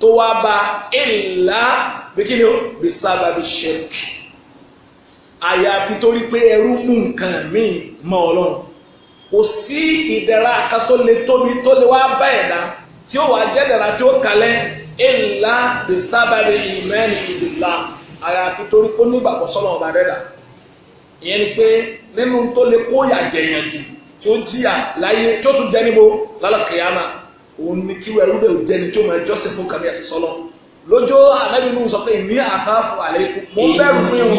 tó wá bá ìlà bíkíni bisábà bí ṣẹ́ẹ̀kì àyàfi torí pé ẹrú mú nǹkan míì mọ́ ọlọ́run kò sí ìdẹ̀ra kan tó le tóbi tó le wá bá ẹ̀dá tí ó wà jẹ́dẹ̀ra tí ó kalẹ̀ ìlà bisábà bí ìmẹ́ni ìdìlá àyàfi torí pé ó nígbàgbọ́ rẹ̀ dà ìyẹn ni pé nínú tó le kó yàjẹ̀yàn jù tí ó jìyà láyé tí ó tún jẹ́ níbo lálọ́kìyàmà òun ni kí wẹ́rú bẹ́ẹ̀ jẹ́ ni tí ó máa jọ́sìn fún kàmí àti sọ́lọ́ lójó ànábì nù sọ pé ní àkáàfù àlékù mo bẹ̀rù fún yòó.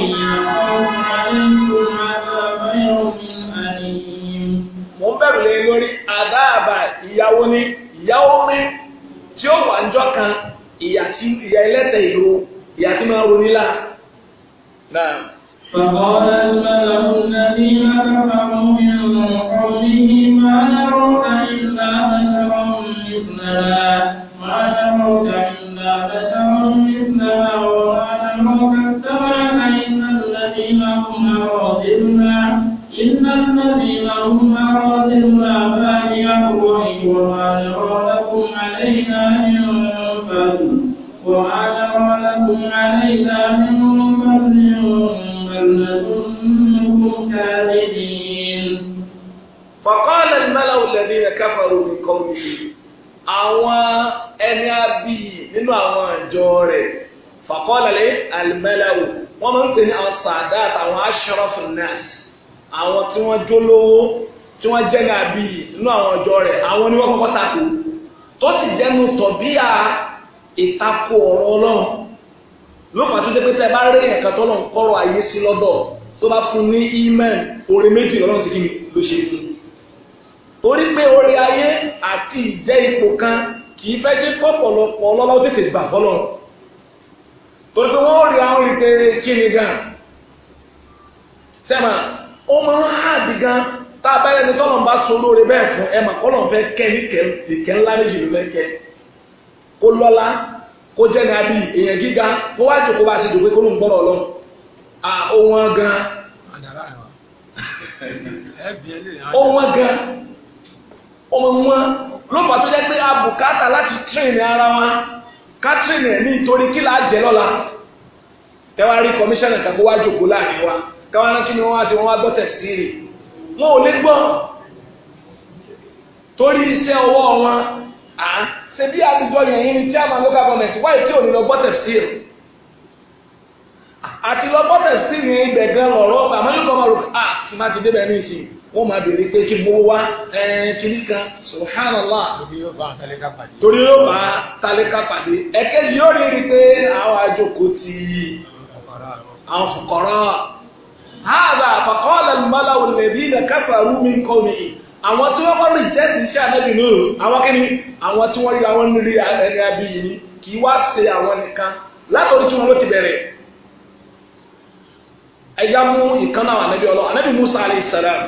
mo ń bẹ̀rù lé lórí àdáàbà ìyàwó ni ìyàwó mi tí ó wà níjọ́ kan ìyà ẹlẹ́tẹ̀ ìlú ìyà tí máa ronú lá. فقال الملأ الذين كفروا من قومه ما نراك إلا بشرا مثلنا ما نراك إلا بشرا مثلنا وما نراك اتبعك إلا الذين هم أراذلنا إلا الذين هم فاني الرأي وما نرى لكم علينا من فضل وما نرى لكم علينا من لنظنكم كاذبين فقال الملأ الذين كفروا من قومه àwọn ẹni abí nínú àwọn àjọ rẹ̀ faqala li al-mala'u wọ́n máa ń pè ní àwọn sàdáàtà àwọn ashrafun nas àwọn tí wọ́n jólówó tí wọ́n jẹ́ ní abí nínú àwọn àjọ rẹ̀ àwọn ni wọ́n kọ́kọ́ tako tó sì jẹ́nu tọ̀bíà ìtakò ọ̀rọ̀ ọlọ́run lọ́pàá tó jẹ́ pé tẹ́ bá rí ẹ̀kan tọ́lọ̀ ń kọ́rọ̀ ayé sí lọ́dọ̀ tó bá fún ní imen orin méjì lọ́nà sí kíni ló ṣe fún un torí pé orin ayé àti ìjẹ́ ipò kan kì í fẹ́ jẹ́ kọ́pọ̀lọpọ̀ ọlọ́lọ́ tètè gbà fọ́lọ́ torí pé wọ́n rí àwọn rí pé kíni gan sẹ́mà ó máa ń hàdí gan tá a bá lẹ́ni tọ́lọ̀ ń bá so lóore bẹ́ẹ̀ fún ẹ̀ mà kọ́lọ̀ fẹ́ kẹ́ ní kẹ́ ńlá méjì ló fẹ́ kẹ́ kó lọ́lá kó jẹ́ ní abí èèyàn gíga kó wá jòkó bá ṣe jòkó kó ló ń gbọ́rọ̀ lọ ohun gan ohun gan ohun wọn ló fà tó jẹ́ pé a bùkátà láti tírìnì ara wa ká tírìnì ẹ̀mí torí kí là á jẹ lọ́la tẹ́wàá rí kọmíṣánná kan kó wá jòkó láàrin wa káwọn náà kí ni wọ́n wá sí wọ́n wá gbọ́ tẹ̀síìrì wọn ò lè gbọ́ torí iṣẹ́ ọwọ́ wọn ṣe bí àdìjọ yẹn yìí ní chairman local government wáyé tí ò ní lọ bọ́tẹ̀ sí ẹ̀ àti lọ bọ́tẹ̀ sí ní ibẹ̀ gan lọ̀rọ̀ àmọ́ yóò kọ́ máa rò à ah, tí má ti débẹ̀ ní ìsìn wọ́n máa béèrè pé kí gbowó wá kíní kan subhanallah torí yóò bá tálákà pàdé ẹ̀kejì yóò rí i pé àwọn àjòkó ti àwọn fòkọ̀rọ̀ hàdà faqala al-mala'u alladhina kafaru min qawmihi àwọn tí wọ́n kọ́ rìjẹ́tì iṣẹ́ ànábì nínú àwọn kí ni àwọn tí wọ́n rí àwọn nílé ẹni abí yìí ni kì í wá ṣe àwọn nìkan látọ̀rí tí wọ́n ló ti bẹ̀rẹ̀ ẹ̀yà mú ìkan náà ànábì ọlọ́ ànábì Musa alayhi salam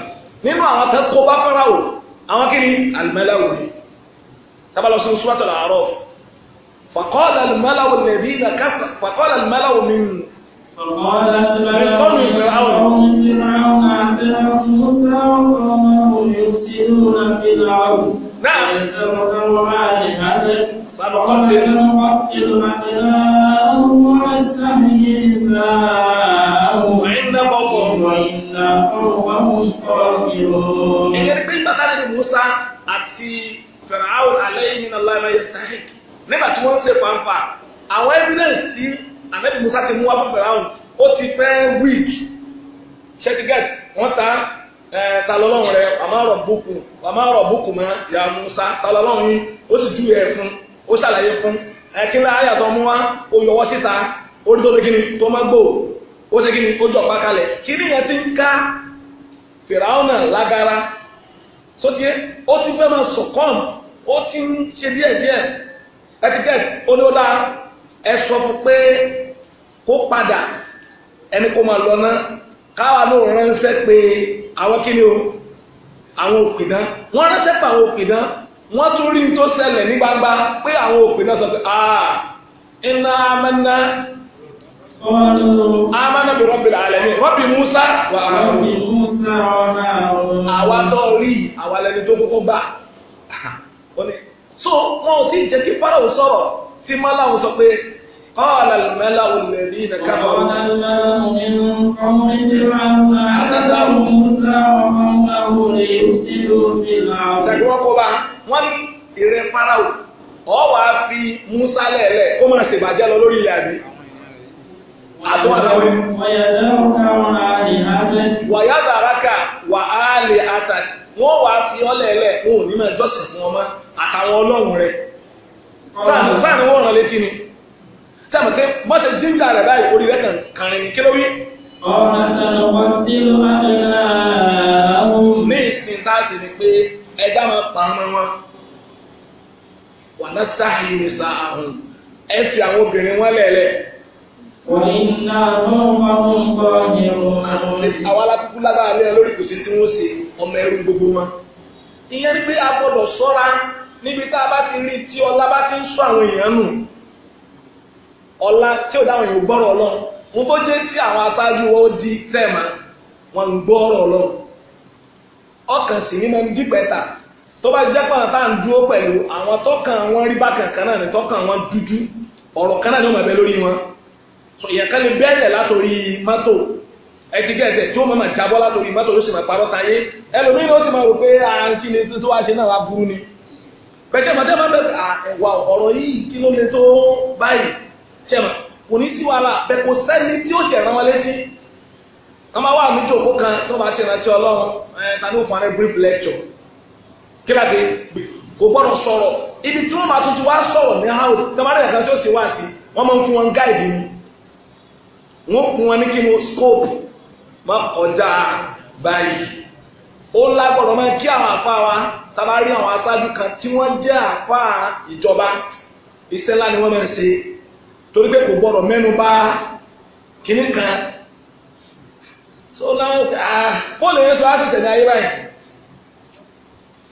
nínú àwọn tó kó bá Fáráò àwọn kí ni al ni tábàlọ́ sí suratul A'raf faqala al-mala'u alladhina kafa faqala al-mala'u min min qawmi Fir'awn يفسدون في الأرض نعم ويذرهم آلهة ونقتل أبناءهم ونستحيي نساءهم وإن قومهم وإنا قومهم كافرون إذا كنت بقى موسى أتي فرعون عليه من الله ما يستحق nígbà tí wọ́n ń ṣe fanfa àwọn evidence tí anabi musa ti mú wá fún farao ó ti t'alọlọ ta lọ́lọ́run rẹ àmàrọ̀ bùkù àmàrọ̀ bùkù musa ta lọ́lọ́run o si sì júwe ẹ̀ fún ó ṣàlàyé fún ẹ kí ló ayà tó mú wá ó yọwọ́ jọ ni ti ń ká fìràwọ̀nà lágara sótíé ó ti fẹ́ máa sọ̀kọ́m o ti n ṣe díẹ̀díẹ̀ fún pé kó padà àwọn kí ni o àwọn òpìdán wọ́n ránṣẹ́ pa àwọn òpìdán wọ́n tún rí tó ṣẹlẹ̀ ní gbangba pé àwọn òpìdán sọ pé ah iná amẹ́nà amẹ́nà bí rọ́bì alẹ́mí rọ́bì Musa wà àwa tó rí àwa lẹni tó kúkú gbà [LAUGHS] so wọn ò tí jẹ́ kí Fáráò sọ̀rọ̀ tí má sọ pé قال الملأ الذين كفروا قال الملأ من قوم فرعون أتدعو موسى وقومه ليفسدوا في الأرض ṣe wọ́n kó bá wọ́n ní ìrẹ́ Fáráò ọ wà á wà á lè àtàkì wà á fi fún ọmọ àtàwọn létí sẹ́mi pé má ṣe jíjà rẹ̀ báyìí orí rẹ̀ kàrin ní kílówí. ọ̀rọ̀ sọ̀rọ̀ wọn tí ló bá ti ra àwọn. ní ìsìn tá sì pé ẹja sa ẹ fi àwọn obìnrin wọn lẹ̀lẹ̀. wọ́n iná tó bọ̀ ní àwọn tí wọ́n ṣe ọmọ ẹrú gbogbo wọn. ìyẹn ni pé a ṣọ́ra níbi tá a bá ti rí tí ọlá bá ti ọlá tí ó dáhùn yóò gbọ́rọ̀ ọlọ́run mo tó jẹ́ tí àwọn aṣáájú wọn ó di tẹ́ẹ̀mà wọn ń gbọ́rọ̀ ọlọ́run ọkàn sì ní dípẹ́ta tó bá jẹ́ pàrọ̀ tá à ń dúró pẹ̀lú àwọn tọ́kàn wọn rí bákan kan náà ní tọ́kàn wọn dúdú ọ̀rọ̀ kan náà lórí wọn ìyẹn kan ní bẹ́ẹ̀lẹ̀ látòrí mọ́tò ẹ ti gẹ̀ẹ́sẹ̀ tí ó máa jábọ́ látòrí mọ́tò ló sì máa parọ́ ẹlòmíràn ó sì ni tí tó wá ṣe náà wá burú ni pẹ̀ṣẹ̀ máa bẹ̀rẹ̀ ọ̀rọ̀ yìí ṣẹ̀mọ̀ kò ní sí wàhálà bẹ́ẹ̀ kò sẹ́ni tí ó wọn wọ́n máa wà ní jòkó kan tó bá ṣe ìrántí ọlọ́run brief lecture ibi tí wọ́n máa tuntun wá sọ̀rọ̀ ní house tí ó sì wá sí wọ́n máa ń fún wọn gáìdì wọ́n fún wọn ní kí scope kọjá báyìí ó máa kí àwọn kan tí wọ́n jẹ́ ìjọba ni wọ́n máa ń torí pé kò gbọ́dọ̀ mẹ́nu bá kínní kan so láwọn ah, ó lè sọ àṣìṣe ní ayé báyìí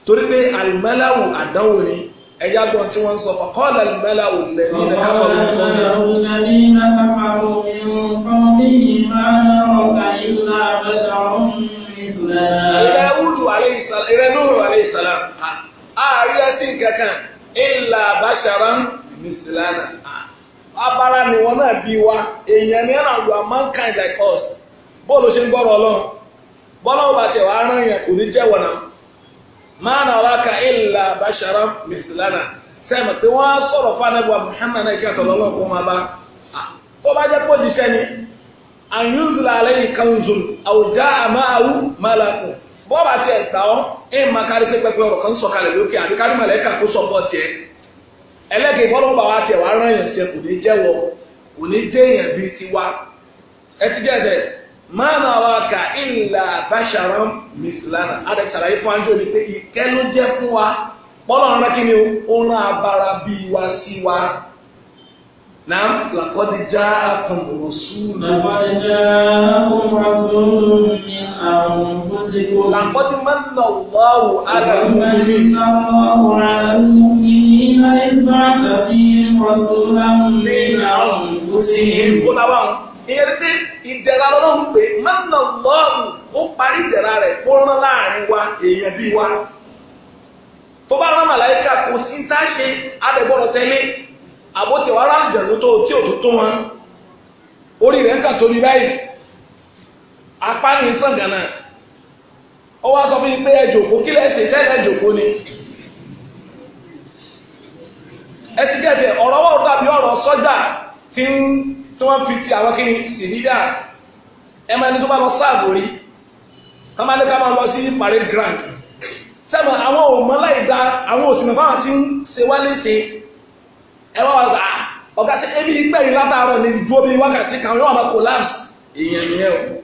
torí pé àlùmọ́láwù àdánwò ni ẹ̀yà gbọ́n tí wọ́n sọ fọ́kọ́lá àlùmọ́láwù lẹ́yìn ní kápọ̀lù ìrẹ́ wúdù ìrẹ́ núhù àlẹ́ìsàlám àárí ẹ̀sìn kankan ìlà bàṣàrán mìsìlánà abara ni wọn náà bí wa èèyàn ni ẹ̀rọ mankind like us bóòlù ṣe ń gbọ́rọ̀ ọlọ́run ọba tí wàá rán yẹn kò ní jẹ́ wọ̀nà máa nà ka ìlà bàṣàrà mìsìlánà sẹ́mi tí wọ́n á sọ̀rọ̀ Muhammad náà kí àtọ̀lọ́ ọlọ́run bá tó bá jẹ́ ni àyùnzùlà alẹ́ yìí àwùjá àmọ́ ẹlẹ́gẹ̀ẹ́ bọ́lọ́wọ́ bàbá tiẹ̀ wá rán èèyàn sí kò ní jẹ́wọ́ kò ní jẹ́ èèyàn bíi tiwa ẹ ti gẹ̀ dẹ̀ máa náà wá kà ìlà bàṣàrà mìsìlánà adẹ̀ ṣàlàyé fún anjọ́ ni pé ìkẹ́ ló jẹ́ fún wa abara bíi wa sí wa. نعم لقد جاءكم رسول جاءكم رسول من أنفسكم لقد من على المؤمنين الله على المؤمنين إذ بعث فيهم رسولا من أنفسهم قل ìrètí ìdẹ̀ra lọ́rùn pé mọ́nà lọ́rùn ó parí ìdẹ̀ra rẹ̀ kó rán láàrin wa èèyàn bíi wa tó bá rán màláìka kò sí tá a ṣe adẹ̀gbọ́dọ̀ orí rẹ̀ ń kà tóbi báyìí Apani ní sàngànà ó wá sọ fún yín pé ẹ jòkó kí lẹ́sẹ̀ sẹ́lẹ̀ jòkó ni ẹ gẹ̀ẹ́dẹ̀ ọ̀rọ̀ wọ́n dàbí ọ̀rọ̀ sọ́jà tí wọ́n fi ti àwọn kí ni sì níbíà ẹ máa ní tó bá lọ sáàbò rí ká máa ní ká máa lọ sí parade ground sẹ́mu àwọn òmọ́ láì dá àwọn òsìmọ̀ fáwọn tí ń ṣe wálé ṣe ẹ wá wà ọ̀gá sí ebi gbẹ̀yìn látàárọ̀ ní dúró bí wákàtí kan yóò máa collapse èèyàn nìyẹn o.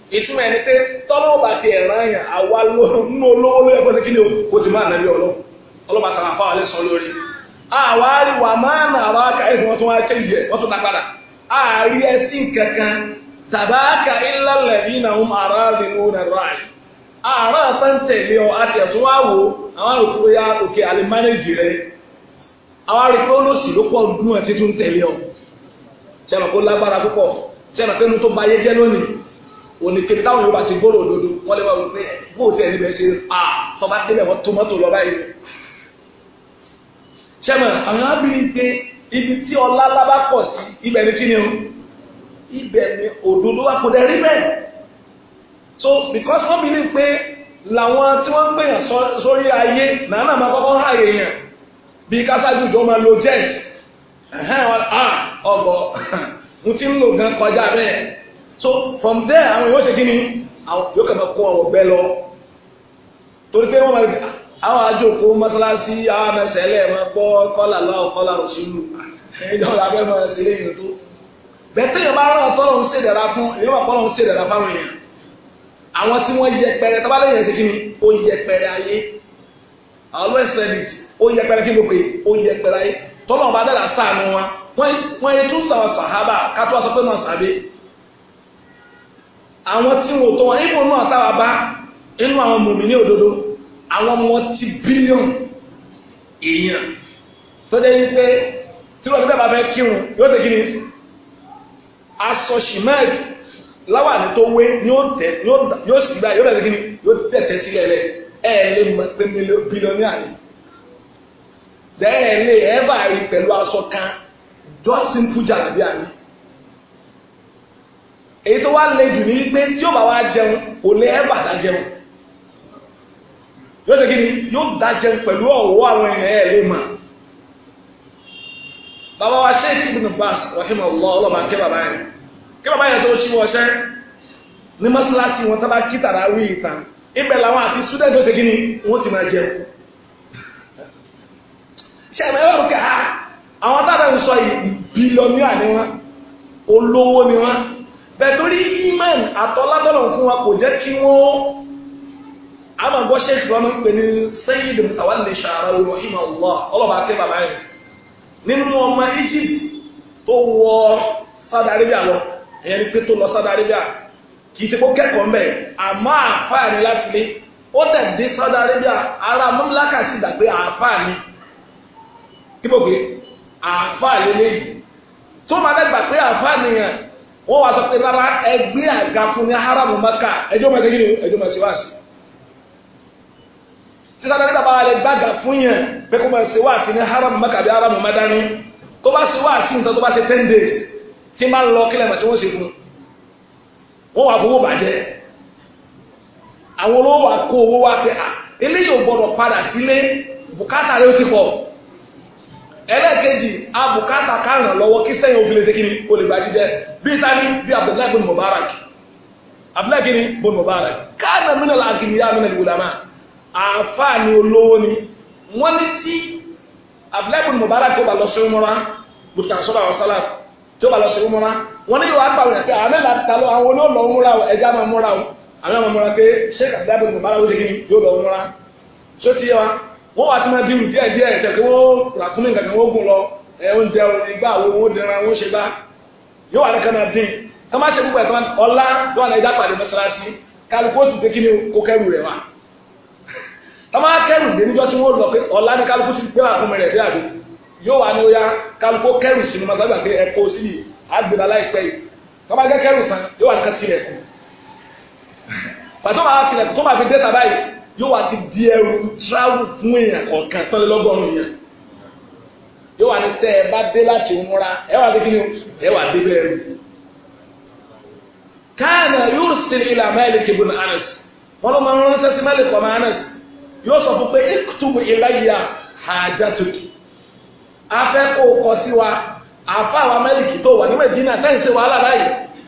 ìtumọ̀ ẹni pé bá ti ẹ̀ràn awa àwa nínú olówó ló yẹ kí ni o ti máa nàbí ọlọ́run ọlọ́run àti àwọn afáwalẹ̀ sọ lórí. àwa rí wà máa nà àwa ká wọn wá ta padà. àárí kankan tàbáàkà ìlàlẹ̀ nà ara ní ọ àti ẹ̀tún wá wò àwọn ya òkè àlè mánéjì olóṣì ọ. kó lágbára púpọ̀ oníkiri táwọn yorùbá ti gbọ́rọ̀ òdodo wọ́n lè wá wọ pé eh, bó o ti ẹni bẹ́ẹ̀ ṣe à tọ́ba débẹ̀ wọ́n tó mọ́tò lọ báyìí. sẹ́mi àwọn abirin pé ibi tí ọlá lábá pọ̀ sí ibẹ̀ ni kíni o ibẹ̀ ni òdodo wa kò dẹ̀ rí bẹ́ẹ̀. so because wọ́n believe pé làwọn tí wọ́n ń gbèyàn sórí ayé nàánà máa kọ́kọ́ hàn èèyàn bí kásájú jọ máa lo jet ọgbọ ah, n [LAUGHS] ti ń lò gan kọjá bẹ́ẹ̀ so from there àwọn èèyàn ṣe kí ni yóò kàn máa kó àwọn ọgbẹ́ lọ torí pé wọ́n máa rí àwọn àjòkó mọ́sálásí àwọn amẹ́sẹ̀lẹ̀ máa gbọ́ kọ́là lọ́wọ́ kọ́là òṣèlú ìjọba abẹ́ máa ṣe lé ìrìn tó bẹ́tẹ̀ yẹn bá rán ọ̀tọ́lọ̀ ń ṣèdára fún ìlú àpọ́lọ̀ ń ṣèdára fáwọn èèyàn àwọn tí wọ́n yẹ pẹrẹ tábàlẹ̀ yẹn ṣe kí ni ó yẹ pẹrẹ ayé always said it ó yẹ pẹrẹ kí ló pé ó yẹ pẹrẹ ayé tọ́lọ̀ ọba dára sáànù wa wọ́n yẹ tún sàwọn sàhábà kátó aṣọ pé náà sàbẹ̀ àwọn tí wò tán ibò náà táwa bá inú àwọn mòmìnì òdodo àwọn ọmọ ti bílíọ̀nù èèyàn tó jẹ́ wípé tí wọ́n tẹ́lẹ̀ bá fẹ́ kírun yóò tẹ́ kíni aṣọ shimed láwàní tó wé yóò tẹ yóò sì gbá yóò tẹ́ kíni yóò tẹ̀tẹ̀ sílẹ̀ rẹ̀ ẹ̀ lè mọ pé bílíọ̀nìà ni dẹ́ẹ̀ lè ẹ̀ bá rí pẹ̀lú aṣọ kan just simple jàdùbí àná. èyí tó wá le jù ní pé tí ó bá wá jẹun kò lè ẹ́bà dá jẹun yóò ṣe ni yóò dá jẹun pẹ̀lú ọ̀wọ́ àwọn èèyàn ẹ̀ lè bàbá wa Sheikh Ibn Baz Allah ọlọ́mà kí bàbá yẹn kí bàbá yẹn tó ṣíwọ́ ṣẹ́ ní wọn tábà kí tàrà wí ìtàn ibẹ̀ làwọn àti student ó ṣe ni wọ́n ti máa jẹun ṣe ẹ̀mẹ́ àwọn bẹ̀tọ́rí iman àtọ́látọ́lọ̀ fún wa kò jẹ́ kí wọ́n a máa gbọ́ ṣe ìṣúra máa ń pè ní Sayyid Mutawalli Sha'rawi rahimahullah ọlọ́ba akẹ́ bàbá rẹ̀ nínú ọmọ Egypt tó wọ Saudi Arabia lọ ẹ̀yẹ́ ni pé tó lọ Saudi Arabia kì í ṣe kó kẹ́kọ̀ọ́ mbẹ́ àmọ́ àfáà ni láti lé ó dẹ̀ dé Saudi Arabia ara mọ́mílákà sì dàgbé àfáà ni kí pé àfáà lélẹ́yìn tó máa dẹ́gbà pé àfáà nìyẹn wọ́n wá sọ pé rárá ẹgbẹ́ àga fún ní haramu maka ẹjọ́ máa ṣe kí ni ẹjọ́ máa ṣe wá sí sísá dáadáa bàbá rẹ̀ gbàgà fún yẹn pé kó máa ṣe wá sí ní haramu maka bí haramu madani tó bá ṣe wá sí nǹkan tó bá ṣe ten days tí máa ń lọ kílẹ̀ mà tí wọ́n ṣe fún wọ́n wá fowó bàjẹ́ àwọn olówó wa kó owó wa pé eléyìí ò gbọdọ̀ padà sílé bùkátà rẹ̀ ó ti pọ̀ ẹlẹ́ẹ̀kejì abùkátà kárùn lọ́wọ́ kí sẹ́yìn òfin lè ṣe kíni kò lè gba jíjẹ bí tani bí abdullahi bin mubarak kini bin mubarak káàna mina làkìní yá mina lùlámà àǹfààní olówó ni wọ́n ní tí abdullahi bin mubarak tó bá lọ sí umra bùtà sọ́dọ̀ àwọn sálà tó bá lọ sí umra wọ́n ní yóò agbáwọn yàtọ̀ àwọn ẹ̀là ta lọ àwọn olóòlò umra ẹ̀já máa múra àwọn ọmọ yẹ wa wọ́n wá ti máa dirù díẹ̀ díẹ̀ ṣe pé wọ́n ràkúnmí nǹkan kan wọ́n gùn lọ oúnjẹ ìgbà wo wọ́n dẹran wọ́n ṣe bá yóò wà ní kan náà dín ká má ṣe gbogbo ẹ̀tàn ọlá yóò wà ní ìjà pàdé mọ́ṣáláṣí kálukú ó sì pé kí ni kó kẹrù rẹ̀ wá tọ́mọ́ kẹrù dé níjọ́ tí wọ́n lọ pé ọlá ní kálukú ti gbé ràkúnmí rẹ̀ dé àdó yóò wà ní oya kálukú kẹrù sí ni mọ́ṣáláṣí àgbẹ̀ ẹ̀kọ́ sí ni àgbèrè aláìpẹ́ yìí tọ́mọ́ kẹrù tán yóò yóò wá ti di ẹrù travel fún èèyàn ọ̀kan pẹ́lú lọ́gọ́rùn-ún yẹn yóò wá ní tẹ́ ẹ bá dé láti múra ẹ wá dé kí ni ẹ wá dé bẹ́ẹ̀ rù. káàna yóò ṣe ilà Malik ibn Anas wọn máa ń ránṣẹ́ sí Malik ọmọ Anas yóò sọ fún pé iktubu ilayya hajatuki afẹ́ kó o sí wa àfa àwọn Malik tó wà ní Medina tẹ́ ń wàhálà báyìí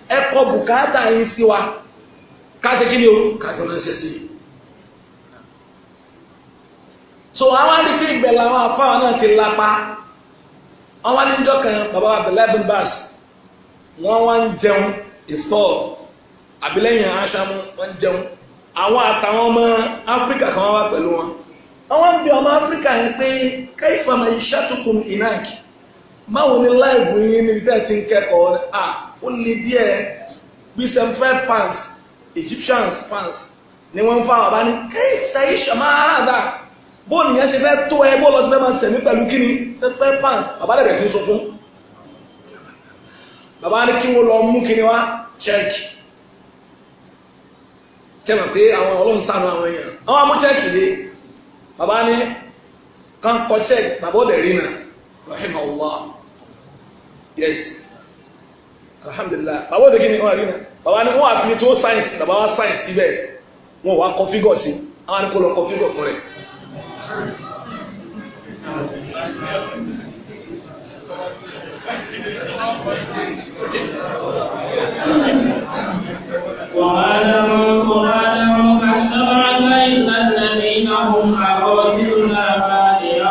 ẹ kọ bùkátà yín sí wa ká ṣe kí ni o ká jọ ránṣẹ́ sí i. so àwọn arígbé ìgbẹ̀ làwọn afáwọn náà ti lápá wọn wá ní ìjọ kan bàbá abdullahi bin bas wọn wá ń jẹun ìfọ àbílẹyìn aṣáájú wọn ń jẹun àwọn àtàwọn ọmọ áfíríkà kan wá pẹ̀lú wọn àwọn bí ọmọ áfíríkà yẹn pé kẹ́yìfà máa ṣe àtúkùn ìnáàkì báwo ni láìbù yín níbi tẹ́ ti ń kẹ́kọ̀ọ́ à ah, ó lè díẹ̀ bíi seventy five pounds egyptian pounds ni wọ́n ń fa àwọn bá ní kẹ́yìfà bóòlù yẹn ṣe fẹ́ tó ẹ bóòlù ọ̀sẹ̀ fẹ́ máa sẹ̀mí pẹ̀lú kíni sẹ́fẹ́ pants bàbá rẹ̀ sí sọ fún bàbá ní kí wọ́n lọ mú kíni wá ṣẹ́ẹ̀kì ṣe mọ̀ pé àwọn ọlọ́run sànú àwọn èèyàn àwọn amú ṣẹ́ẹ̀kì lé bàbá ní kàn kọ ṣẹ́ẹ̀kì bàbá ọ̀dẹ̀ rí nà rahim allah yes alhamdulillah bàbá ọ̀dẹ̀ kíni wọ́n rí nà bàbá ní wọ́n àfi ní tí wọ́n sáyẹ̀nsì bàbá wá sáyẹ̀nsì bẹ́ẹ̀ wọ́n wá kọ fígọ̀ sí àwọn àníkó lọ kọ fígọ̀ fún rẹ̀ واعلموا واعلموا قد سبع فإن الذين هم أراضينا بادي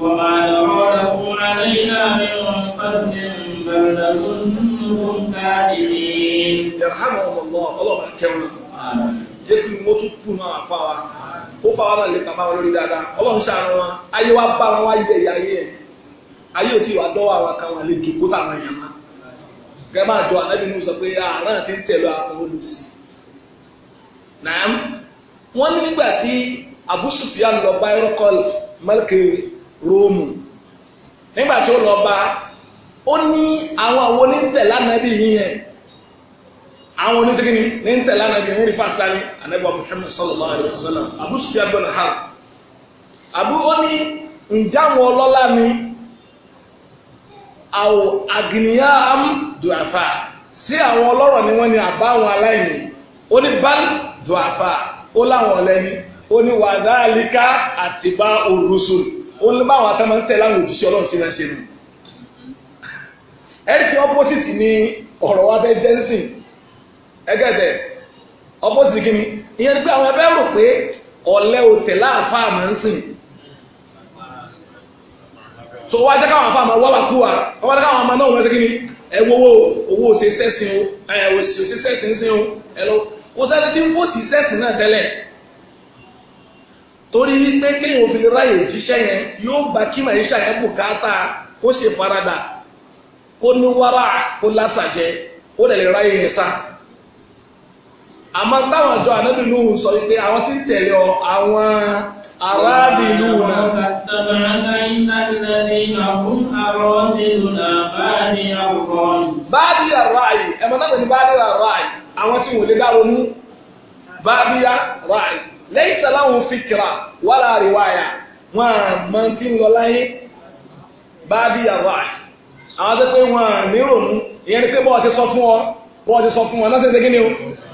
وما نرى لكم علينا من فضل بل نظنكم كاذبين يرحمهم الله الله يرحمهم تكن ó fa wọn lè bàbá ọ lórí dáadáa ọlọ́run ṣàánú wọn ayé wa bá wọn wá jẹ ìyá ayé ẹ̀ ayé ò tí wàá dọ́wọ́ àwọn kan wọn lè jòkó táwọn èèyàn má gẹ́gẹ́ bá àjọ ànábì nù sọ pé ti ń tẹ̀lé àtọwọ́ lò sí wọ́n ní nígbà tí lọ bá róòmù nígbà tí ó lọ bá ó àwọn oníṣègùn ní ń tẹ̀lé anabi ní nípa sani anabi wa muhammed sallallahu alayhi wa sallam abu sufyan bin hal abu oni ǹjẹ́ àwọn ọlọ́lá ni àwọ̀ àgìníyà am duafa sí àwọn ọlọ́rọ̀ ni wọ́n ní àbá àwọn aláìní ó ní bal duafa ó láwọn ọ̀lẹ́ni ó ní wàdálíkà àtibá ar-rusul ó ní báwọn atá máa ń tẹ̀lé àwọn òjíṣẹ́ ọlọ́run sí ṣe nù ẹ̀rí kí opposite ni ọ̀rọ̀ wa fẹ́ jẹ́nsìn ẹgẹ́dẹ̀ ọpọ́sìtì kí ìyẹn ni pé àwọn ẹbẹ́ rò pé ọ̀lẹ́ òtẹ̀ láàfáà máa ń sìn so wájá káwọn àfáà máa wọ́wà kúwà wájá káwọn ọmọ náà wọ́n ṣe kí ni ẹwọ́wọ́ owó òṣèṣẹ́sìn o òṣèṣẹ́sìn sí o ẹ̀lọ́ òṣèṣẹ́ ń náà torí kéèyàn òfin ráyè yẹn yóò kí màá kó ṣe farada kó ní wàrà kó kó lè ráyè yẹn àmọ́ táwọn àjọ ànábì lóhùn sọ wípé àwọn tí tẹ̀lé ọ àwọn aráàlú ìlú ọzọ àwọn tí wọ́n lè lẹ́yìn fìkìrà wà láàrin wáyà wọn tí ń lọ láyé báàbí àrọ àwọn wọn ìyẹn ni pé bọ́ọ̀ sọ fún ọ bọ́ọ̀ sọ ọ náà o.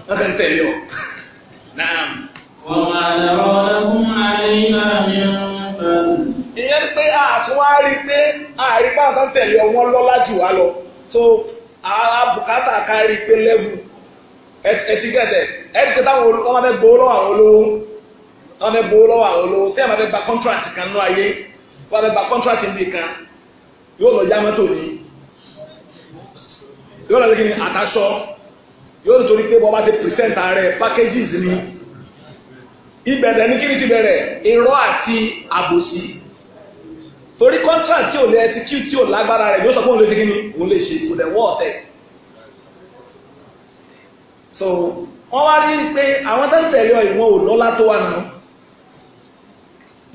wọ́n kàn tẹ̀lé ọ. wọ́n máa lọ́rọ́ lọ́kùn àlẹ́yìn àmì ọ̀hún. ìyẹn ni pé àtúwá rí pé àárí bá kan wa ọ wọ́n lọ́lá jù wá lọ so àbùkátà kárí pé lẹ́vù ẹtì gẹ̀dẹ̀ ẹtì pé táwọn ọmọ bẹ gbowó lọ́wọ́ àwọn olówó ọmọ bẹ gbowó lọ́wọ́ àwọn olówó tí àwọn bẹ gba kọ́ńtrátì kan ní ayé wọ́n bẹ gba kọ́ńtrátì níbi kan yóò lọ yá mọ́tò ní yóò lọ lé kí ni àtàṣọ yóò nítorí pé bọ́ba ṣe pìrìsẹ́ǹtì ààrẹ packages ni ìbẹ̀rẹ̀ ní kíni ti bẹ̀rẹ̀ irọ́ àti àbòsí torí contract tí ò lè execute tí ò lágbára rẹ̀ yóò sọ pé òun lè ṣe kíni òun lè ṣe kò dẹ̀ wọ́ ọ̀tẹ̀ so wọ́n wá rí pé àwọn tó ń tẹ̀lé ọ ìwọ̀n ò lọ́lá tó wà nù.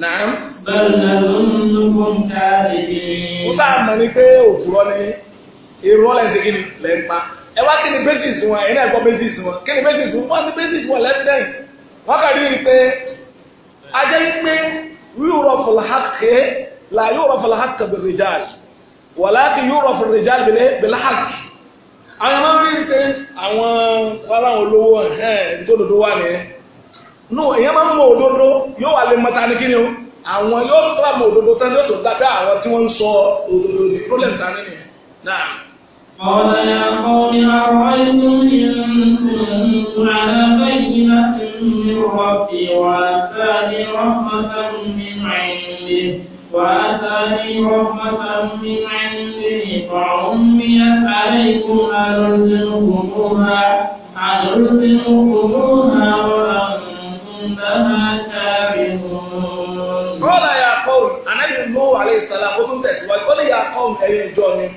Nàá. Bẹ́ẹ̀ni lọ́dúnrún ń ká èdè. Mo bá mọ̀ ní pé òfurọ́ ni irọ́ lẹ́sìn kí lẹ́ ń pa ẹ wá kí ni basis wọn ẹ̀yin náà gbọ́ basis wọn kí ni basis wọn wọ́n ní basis wọn lẹ́fídẹ́ǹsì wọ́n kà rí i pé ajẹ́ pé yúrọ̀ fọláhàkè là yúrọ̀ fọláhàkè bẹ̀rẹ̀ rìjáàlì wàláàkì yúrọ̀ fọláhàkè rìjáàlì bẹ̀rẹ̀ hàkì. àwọn máa ń rí i pé àwọn wàrà wọn lówó ẹ̀hẹ́n tó dodo wà nìyẹn. nù èèyàn máa ń mọ òdodo yóò wà lè mọta ní kíni o àwọn yóò tó àmọ òdodo tán yóò tó dábẹ́ àwọn tí wọ́n ń sọ òdodo ní problem قال يا قوم أرأيتم إن كنت على بينة من ربي وآتاني رحمة من عنده وآتاني رحمة من عنده فعميت عليكم ألزمكموها ألزمكموها وأنتم لها كارهون. قال يا قوم أنا ابن نوح عليه السلام وكنت أسوأ قال يا قوم أيها الجن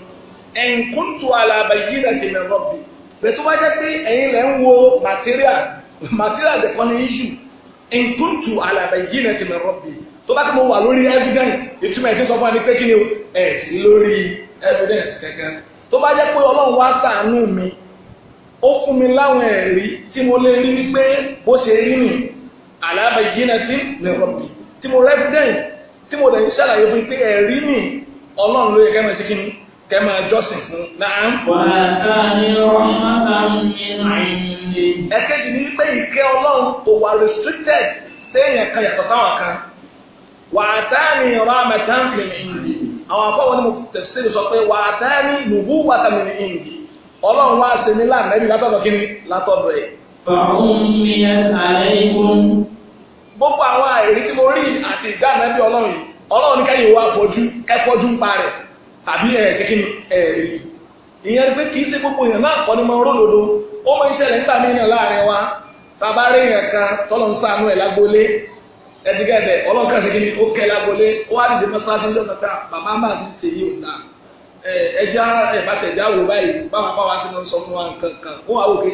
in kuntu ala bayyinati min rabbi bẹ́ẹ̀ tó bá jẹ́ pé ẹ̀yin lẹ́ ń wo material material the common issue in kuntu ala bayyinati min rabbi tó bá kí wà lórí evidence ìtumọ̀ ẹ̀ tí sọ fún wa pé kí ni ẹ̀ sí lórí evidence kankan tó bá jẹ́ pé ọlọ́run wá ṣàánú mi ó fún mi láwọn ẹ̀rí tí mo lè rí wípé bó ṣe rí nì ala bayyinati min rabbi tí mo rí evidence tí mo lè ṣàlàyé fún pé ẹ̀rí nì ọlọ́run ló yẹ kẹ́mẹ́ kí ni kẹ́ máa jọ́sìn fún náà. wàhálà ni rahmatan min indi. ẹ̀kejì ni pé ìkẹ́ ọlọ́run kò wà restricted séèyàn kan yàtọ̀ sáwọn kan wàhálà ni rahmatan min indi. àwọn afọwọ́ ni mo tafsir sọ pé wàhálà ni nubuwatan min ọlọ́run wá ṣe ní láàrin ẹbí látọ̀dọ̀ kí ni látọ̀dọ̀ ẹ̀. fàáhùn mi àlẹ́ ikún. gbogbo àwọn àbí ẹ̀ẹ̀ṣẹ́ kí ẹ̀ẹ̀rí ìyẹn pé kìí ṣe gbogbo èèyàn náà kọ́ ní mọ ọrụ ó máa ń ṣẹlẹ̀ nígbà mìíràn láàrin wa bàbá rí èèyàn kan tọ́lọ̀ ń sàánú ẹ̀ lágbolé ẹ̀dígẹ̀dẹ̀ ọlọ́kàn ṣe kí ni ó kẹ́ ó wá dìde ní bàbá máa ti ṣe yìí òǹda ẹja wò báyìí báwa báwa sí sọ fún wa nǹkan kan ó wà wò pé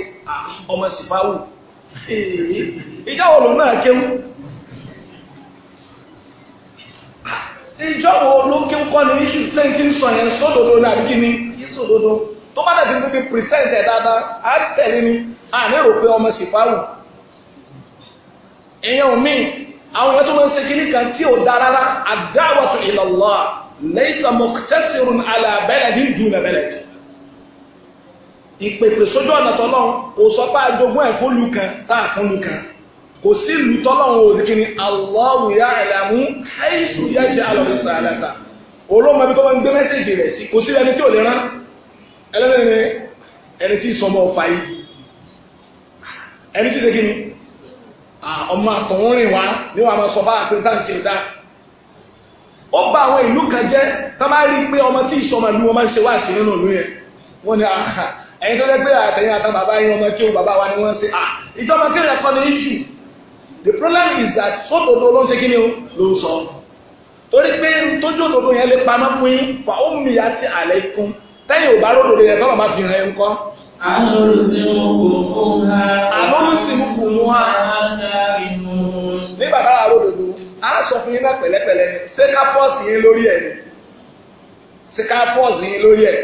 ọmọ sì bá wù ìjáwọ̀ lòun náà kéwù ìjọ wo ló kí ń kọ́ ní iṣu sẹ́yìn tí ń sọ yẹn sódodo ní àbí kíni kì í sódodo tó bá dàtí níbi pírísẹ́ǹtì ẹ̀ dáadáa á tẹ̀lé ni à ní rò pé ọmọ sìfáwù ìyẹn omi àwọn ẹ̀tọ́ máa ń ṣe kíní kan tí ò dára rárá àdáwàtò ila Allah laysa muqtasirun ala baladin duna baladin ìpèpè sójú ọ̀nà tọ́lọ́ kò sọ pé àjogún ẹ̀ kò sí ìlú tọ́lọ́run ò sí kí ni Allahu ya'lamu haythu yaj'alu risalata olóòmọ ibi tó bá ń gbé mẹ́sẹ̀jì rẹ̀ sí kò sí ẹni tí ò lè rán ẹlẹ́ni ẹni tí sọmọ ọ̀fà yìí ẹni tí ṣe kí ni ọmọ àtọ̀wọ́rìn wá ní wàá máa sọ bá àpín tá à ń ṣe dá ó bá àwọn ìlú kan jẹ́ tá bá rí i pé ọmọ tí ìsọmọ ìlú wọn máa ń ṣe wá sí the problem is that sódòdó ló ń ṣe kí ni o ló ń sọ torí pé tójú òdòdó yẹn lè pamọ́ fún yín fa omi àti àlẹ́ kún tẹ́yìn ò bá ródòdó yẹn tọ́lọ̀ máa fi hàn ẹ́ ńkọ́. alólùsìmùkù mú wa ní bàbá wa ródòdó a sọ fún yín náà pẹ̀lẹ́pẹ̀lẹ́ ṣé ká fọ́ọ̀sì yín lórí ẹ̀ ṣé ká fọ́ọ̀sì yín lórí ẹ̀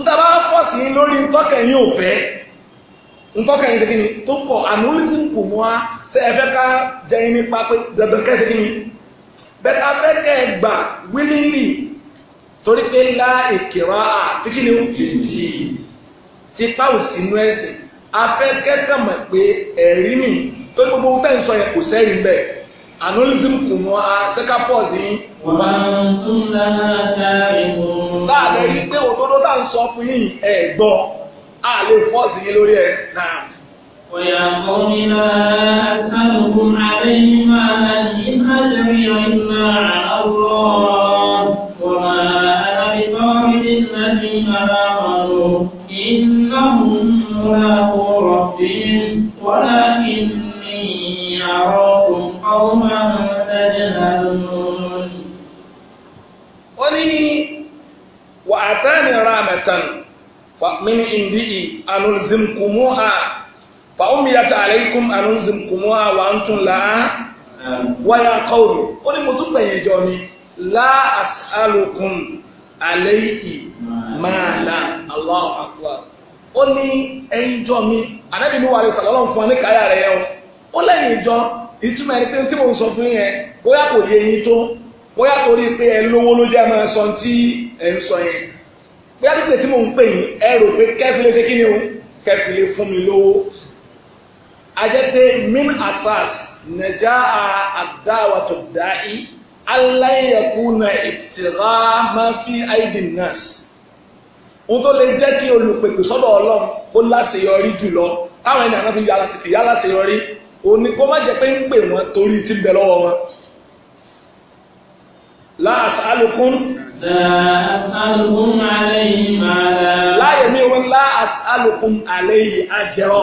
ntaba fọ́ọ̀sì yín lórí ntọ́kẹ̀ yín ò fẹ́ ntọ́kẹ̀ yín ṣe kí ni tó kọ̀ àmúlùsìmùkù mú wa ṣé ẹ fẹ́ ká jẹrin nípa pé dandan kẹsì kí ni bẹ́ẹ̀ ká fẹ́ kẹ́ ẹ gbà willingly torí pé ńlá ìkìrọ̀ àti kí ni ó fi dì í ti páwò sínú ẹ̀sìn afẹ́ kẹ́kẹ́ mọ̀ pé ẹ̀rí mi tó gbogbo tẹ́ ń sọ yẹn kò sẹ́yìn bẹ́ẹ̀ anolism kù mọ́ a sẹ́ka pọ́ọ̀sì yín. wà á tún náà kárí mú. láàrin pé òdodo tá sọ fún yín ẹ̀ gbọ́ a lè fọ́ọ̀sì yín lórí ẹ̀ náà. ويا قوم لا أسألكم عليه مالا إن أجري إلا على الله وما أنا بطارد الذين آمنوا إنهم ملاقو ربهم ولكني أراكم قوما تجهلون ولي وأتاني رامة فمن عندي أنلزمكموها fa umiyat alaykum anzumkumuha wa antum la wa ya qawmi ó ní mo tún gbẹ̀yìn jọ ni la as'alukum alayhi mala Allahu akbar ó ní ẹ̀yin jọ mi Ànábì Nuhu alayhi salam fún wa ní káyà rẹ̀ yẹn ó lẹ́yìn jọ ìtumọ̀ ẹni pé tí mo sọ fún yẹn bóyá kò yé yín tó bóyá torí pé ẹ lówó ló jẹ́ máa sọ tí ẹ ń sọ yẹn bóyá títẹ̀ tí mo ń pè yín ẹ rò pé kẹ́fìlẹ́ ṣe kí ni o kẹ́fìlẹ́ fún mi lówó ajẹ́pẹ́ min asas nàjà àdáwàtò dáì aláìyẹ̀kú na ìtìrá máa fi aidin nas ohun tó lè jẹ́ kí olùpèpè sọ́dọ̀ ọlọ́run ó láṣeyọrí jùlọ táwọn ènìyàn fi yára tètè yára ṣeyọrí òní kó má jẹ́ pé ń pè wọ́n torí tí ń lọ́wọ́ wọn. láàṣà alùkún. láàṣà alùkún àlẹ́ yìí máa. láàyè mi wọn láàṣà alùkún àlẹ́ yìí á jẹrọ.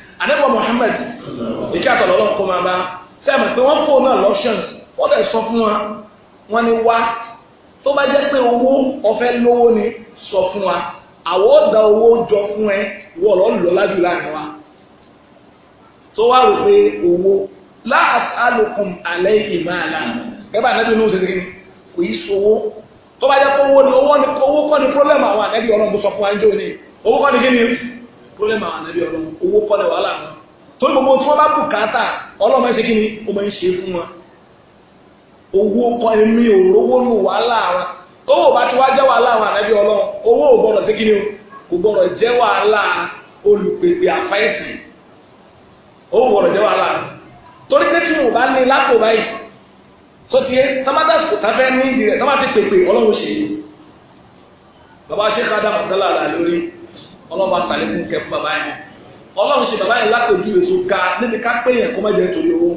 àdébọ̀ Muhammad ìkí àtọ̀lọ́ ọlọ́run kó máa bá sẹ́mi pé wọ́n fóònù náà lọ́ṣọ̀ns wọ́n dẹ̀ sọ fún wa wọ́n ní wá tó bá jẹ́ pé owó ọ̀fẹ́ lówó ni sọ fún wa àwọ̀ ọ̀dà owó jọ fún ẹ wọ́n lọ́ lọ lájú láàrin wa tó wá rò pé owó láàsálùkùn àlẹ́ ìmáàlá gẹ́gẹ́ bá inú ṣètìkì kò í sowó tó bá jẹ́ pé owó ni owó kọ́ ni pọ́lẹ́mù àwọn ànábì ọlọ́run sọ fún wa ń jẹ́ òní owó kọ́ ni kí ni pólẹ́mù àwọn ànábì ọlọ́run owó kọ́lẹ̀ wàhálà wọn tó gbogbo tí wọ́n bá bùkátà ọlọ́run ẹ̀ ṣe kí ni ó máa ń ṣe fún wọn owó kọ́ èmi ò rówó nù wàhálà wọn owó bá ti wá jẹ́ wàhálà àwọn ànábì ọlọ́run owó ò gbọ́dọ̀ ṣe kí ni kò gbọ́dọ̀ jẹ́ wàhálà olùpèpè àfẹ́sì owó gbọ́dọ̀ jẹ́ wàhálà torí pé tí mo bá ní lápò báyìí tó ti yé tamadasco tafẹ́ ní ìdí rẹ̀ ọlọ́run aṣàlékún kẹ fún bàbá yẹn ọlọ́run ṣe bàbá yẹn lápèjúwe tó ga níbi ká pé yẹn kó má jẹ torí owó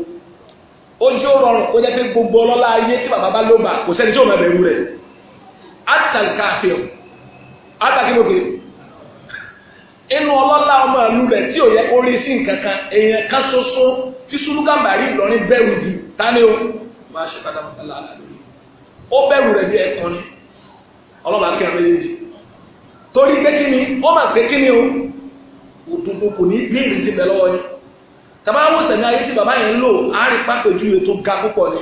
ojú ó rọrùn kó jẹ pé gbogbo ọlọ́lá ayé tí bàbá bá ló bá kò sẹ́ni tí ò má bẹ̀rù rẹ̀ àtàlùkà àfihàn àtàkìlókè inú ọlọ́lá ọmọ ìlú rẹ̀ tí ò yẹ kó rí sí nǹkan kan èèyàn kan ṣoṣo tí sulukamba rí lọrin bẹ̀rù jù tani o máa ṣe padà ó bẹ̀rù rẹ̀ bí ẹ̀kọ́ ni ọlọ́run akẹ́kọ̀ọ́ torí pé kí ni ó máa pé kí ni o òdòdó kò ní bí èrè ti bẹ̀ lọ́wọ́ yín tàbá wò sẹ̀mí ayé tí bàbá yẹn ga pụpọ ni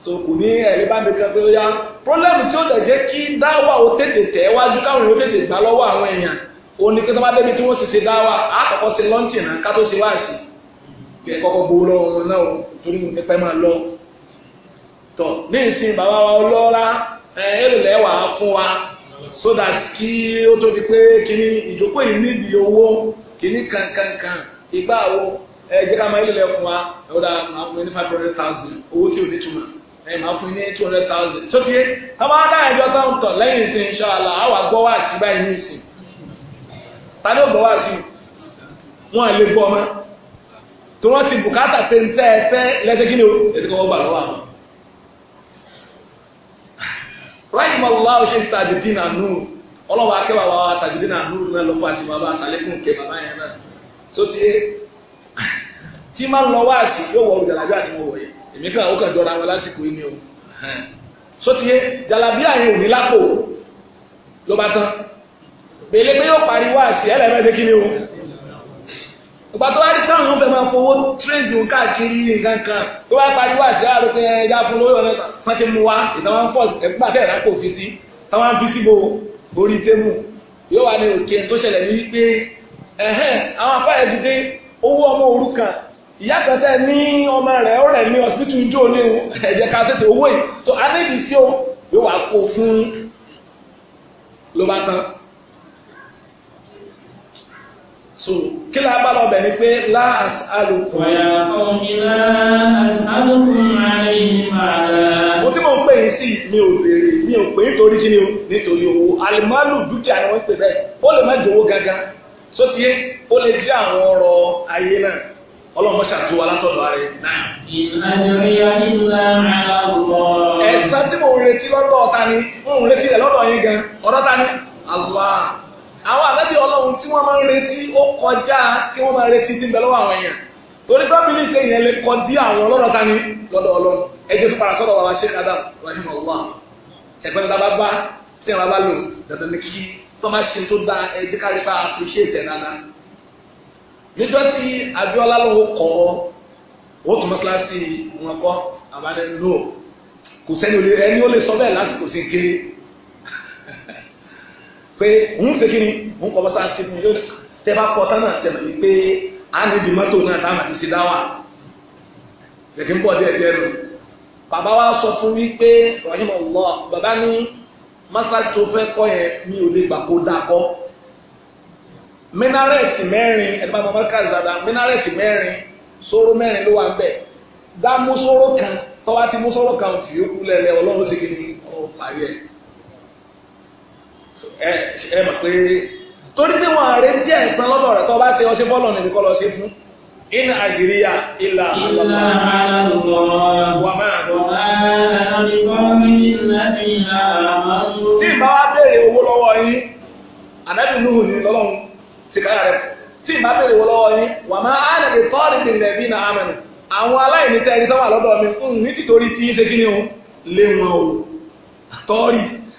so kò ní ẹ̀rí bá mi kan pé ó yá problem tí ó dẹ̀ kí dáwà ó tètè tẹ̀ wájú káwọn tètè gbà lọ́wọ́ àwọn èèyàn ó ní débi tí ti ṣe dáwà á náà ká tó ṣe kẹ torí mo nípa ẹ so that kí ó tó di pé kíní ìjókòó yìí nídìí owó kíní kankankan ìgbà wo ẹ jẹ́ ká máa ilé fún wa ẹ wọ́n máa fún yín ní five hundred thousand owó tí ò ní túmọ̀ ẹ máa fún yín ní two hundred thousand so fiye káwọn adáyẹjọ tó ń tọ̀ lẹ́yìn ìsìn ṣọlá àwọn àgbọ̀ wá sí báyìí ní ìsìn tani ó gbọ́ wá sí wọn lè gbọ́ ọmọ tí wọ́n ti bùkátà pé ń tẹ́ ẹ fẹ́ lẹ́sẹ̀ kí ni o ètò ìkọ́wọ́ gbà lọ́wọ́ àwọn. rahim allah ṣe tajudeen anur ọlọ́wọ́ akẹ́wà wa tajudeen anur náà lọ́fọ́ àti bàbá àtàlẹ́kùn kẹ bàbá yẹn náà tó ti tí máa ń lọ wá yóò wọ àti yẹn èmi kan ó kàn jọra o tó ti jàlábíà yẹn ò ní lápò ló bá tán pèlè pé o. ìgbà tó wá rí táwọn ọ̀fẹ́ máa fowó tírèzì òun káàkiri nǹkan kan tó wá parí wá sí àárọ̀ pé ẹja fún lórí ọ̀nà wọn ti mú wa ìtàwọn ń fọ̀ ẹgbà tẹ̀ ẹ̀rá kò fi sí táwọn ń fi síbo orí tébù yóò wá ní òkè tó ṣẹlẹ̀ ní wípé ẹ̀hẹ́n àwọn afáyẹ̀ ti dé owó ọmọ òrukàn ìyá kan tẹ́ ní ọmọ rẹ̀ ó rẹ̀ ní ọ̀sìpítù ijó ní ẹ̀jẹ̀ ká tètè owó yìí tó anídìí sí o yóò wá kó fún ló bá tán so kí la bá lọ bẹ̀ ni pé la as'alukum. wàyà mi la as'alukum alayhi màlá. mo tí mo ń pè yín sí mi ò béèrè mi ò pè nítorí kí ni o nítorí owó alimalu dúkìá ni wọ́n pè bẹ́ẹ̀ ó lè má jowó gangan só ti yé ó lè jẹ́ àwọn ayé náà ọlọ́mọ náà. àlọ́. ẹ̀sán tí mo retí lọ́dọ̀ ọ̀tá ni retí rẹ̀ lọ́dọ̀ yín gan ọ̀dọ́ta ni Allah. àwọn àlẹ́bí ọlọ́run tí wọ́n máa ń retí ó kọjá kí wọ́n máa retí tí ń bẹ lọ́wọ́ àwọn èèyàn torí bábìlì pé ìyẹn lè kọ dí àwọn ọlọ́rọ̀ ta ni lọ́dọ̀ ọlọ́run ẹ tó padà sọ́dọ̀ wàhálà Sheikh rahim allah ṣẹ̀gbọ́n dábàá bá tí wọ́n bá lò dandan ní kí tó máa ṣe tó dáa ẹ jẹ́ kárí bá appreciate ẹ̀ dáadáa. níjọ́ tí Abíọ́lá ló kọ́ ó tún mọ́ṣáláṣí wọn kọ́ àbálẹ́ pé òun ṣe kí ni òun kọ́ bọ́sá sí mi yóò tẹ́ bá kọ́ tán náà ṣẹlẹ̀ pé a ní di mọ́tò náà táwọn àti ṣe dáwà lẹ́kí ń bọ̀ díẹ̀ díẹ̀ lọ. bàbá wa sọ fún mi pé rahimah allah bàbá ní mọ́sáàsì tó fẹ́ kọ́ yẹn mi ò lè gbà kó dáa kọ́ minareti mẹ́rin ẹ̀dùnmọ́ àwọn mọ́kàlì dáadáa minareti mẹ́rin sóró mẹ́rin ló wà ń bẹ̀ dá mú sóró kan tọ́wá ti mú sóró kan fìyókù lẹ́lẹ́ ọlọ́run ṣe kí ni ọ̀ parí ẹ mọ̀ pé torí pé wọ́n rẹ̀ tí ẹ̀sán lọ́dọ̀ rẹ̀ tó bá ṣe ọṣẹ́ bọ́ọ̀lù nìbí kọ́ lọ sí fún in àjíríyà ilà àlọ́wọ́ wà máa sọ. tí ìbá wá béèrè owó lọ́wọ́ yín ànábì Nuhu ní lọ́lọ́run ti kára rẹ̀ tí ìbá béèrè owó lọ́wọ́ yín wà máa ánàbì tọ́ọ̀rì ti nẹ̀bí na amẹ́nu àwọn aláìní tẹ́ ẹni tó wà lọ́dọ̀ mi ní títorí tí í ṣe kí ni o lé wọn o tọ́ọ̀rì.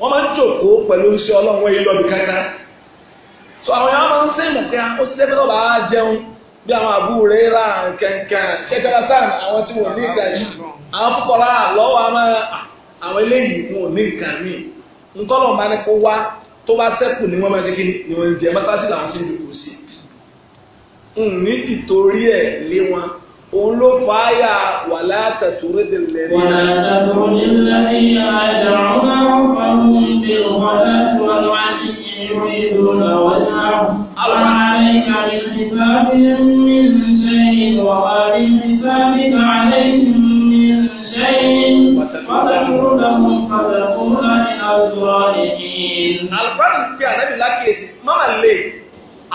wọ́n máa ń jòkó pẹ̀lú iṣẹ́ ọlọ́run wọ́n yé lọ́bi kankan so àwọn yàrá máa ń sẹ́yìn mọ̀ pé ah, ó sì dẹ́gbẹ́ náà bá a jẹun bí àwọn àbúrò rà kankan ṣẹ́jára sáà àwọn tí wọ́n ní nǹkan yìí àwọn fúkọ̀rá lọ́wọ́ a máa ah, àwọn eléyìí wọn ò ní nǹkan míì ńkọ́lọ̀ máa ní kó wá tó bá sẹ́kù ni wọ́n máa ṣe kí ni wọ́n jẹ mọ́tásí làwọn ti ń jòkó sí n ní ẹ̀ lé wọn òun ló fà á yà wà látà tó rédè lẹ́rìí. wà látà tó nílẹ̀ ní àjà ọ̀gá ọ̀gá ọ̀hún ti wà láti wà sí ìrú ìlú lọ́wọ́ sáà. àwọn عليك بحساب من شيء وآل حسابك عليهم من شيء فتقول لهم فتقول لأجرائهم. الفرق بين النبي لك ما عليه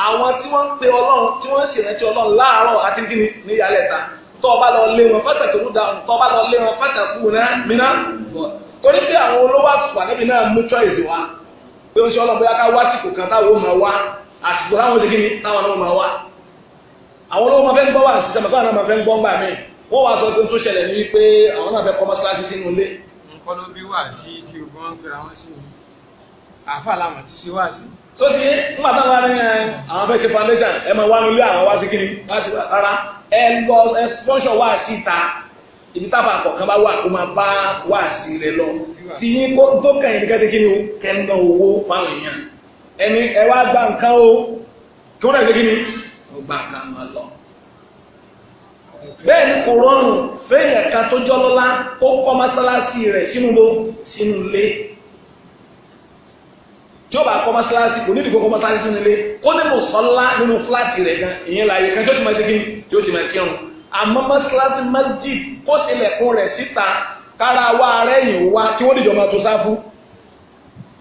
àwọn tí wọ́n ń pe ọlọ́run tí wọ́n ń ṣèrántí ọlọ́run láàárọ̀ àti kíni ní ìyálẹ̀ta tó o bá lọ lé wọn fẹ́sẹ̀ tó ń tó o bá lọ lé wọn fẹ́sẹ̀ kú mìíràn torí pé àwọn olówó àsìkò àdébì náà mú choice wa pé oṣù ọlọ́run bóyá ká wá àsìkò kan táwọn ò máa wá àsìkò táwọn ṣe kíni táwọn náà máa wá àwọn olówó máa fẹ́ gbọ́ wà sísẹ́ màkà náà máa fẹ́ gbọ́ ńgbà míì wọ́n wá sọ pé tó ṣẹlẹ̀ ní pé àwọn náà fẹ́ kọ́ mọ́sálásí sínú ilé. nǹkan ló bí wàásí tí ogun wọn so ti nígbà táwọn ará yẹn eh, àwọn fẹ́ foundation ẹ máa wá nílé àwọn wá sí kí ni wá sí rárá ẹ lọ ẹ sponsor wá síta ibi tábà kọ̀ọ̀kan bá wà kó máa bá wá sí rẹ lọ tí yín kó tó kàn yín kẹ́sí kí ni o kẹ́ńdán owó fáwọn èèyàn ẹni ẹ wá gba nǹkan o kí wọ́n rẹ̀ ṣe kí ni ó gba nǹkan máa lọ. bẹ́ẹ̀ ni kò rọrùn fẹ́ẹ̀yẹ̀ tó jọ́ lọ́lá kó kọ́ mọ́sálásí rẹ̀ sínú bo sínú ilé tí ó bá kọ́ mọ́sálásí kò nídìí kó kọ́ mọ́sálásí sínú ilé kó ní mùsọ́lá nínú fúláàtì rẹ̀ gan ìyẹn láàyè kan tí ó ti máa ṣe kí tí ó ti máa kírun àmọ́ mọ́sálásí masjid kó sì lẹ̀kùn rẹ̀ síta kára wá ara ẹ̀yìn wá kí wọ́n dìjọ máa tó sáfù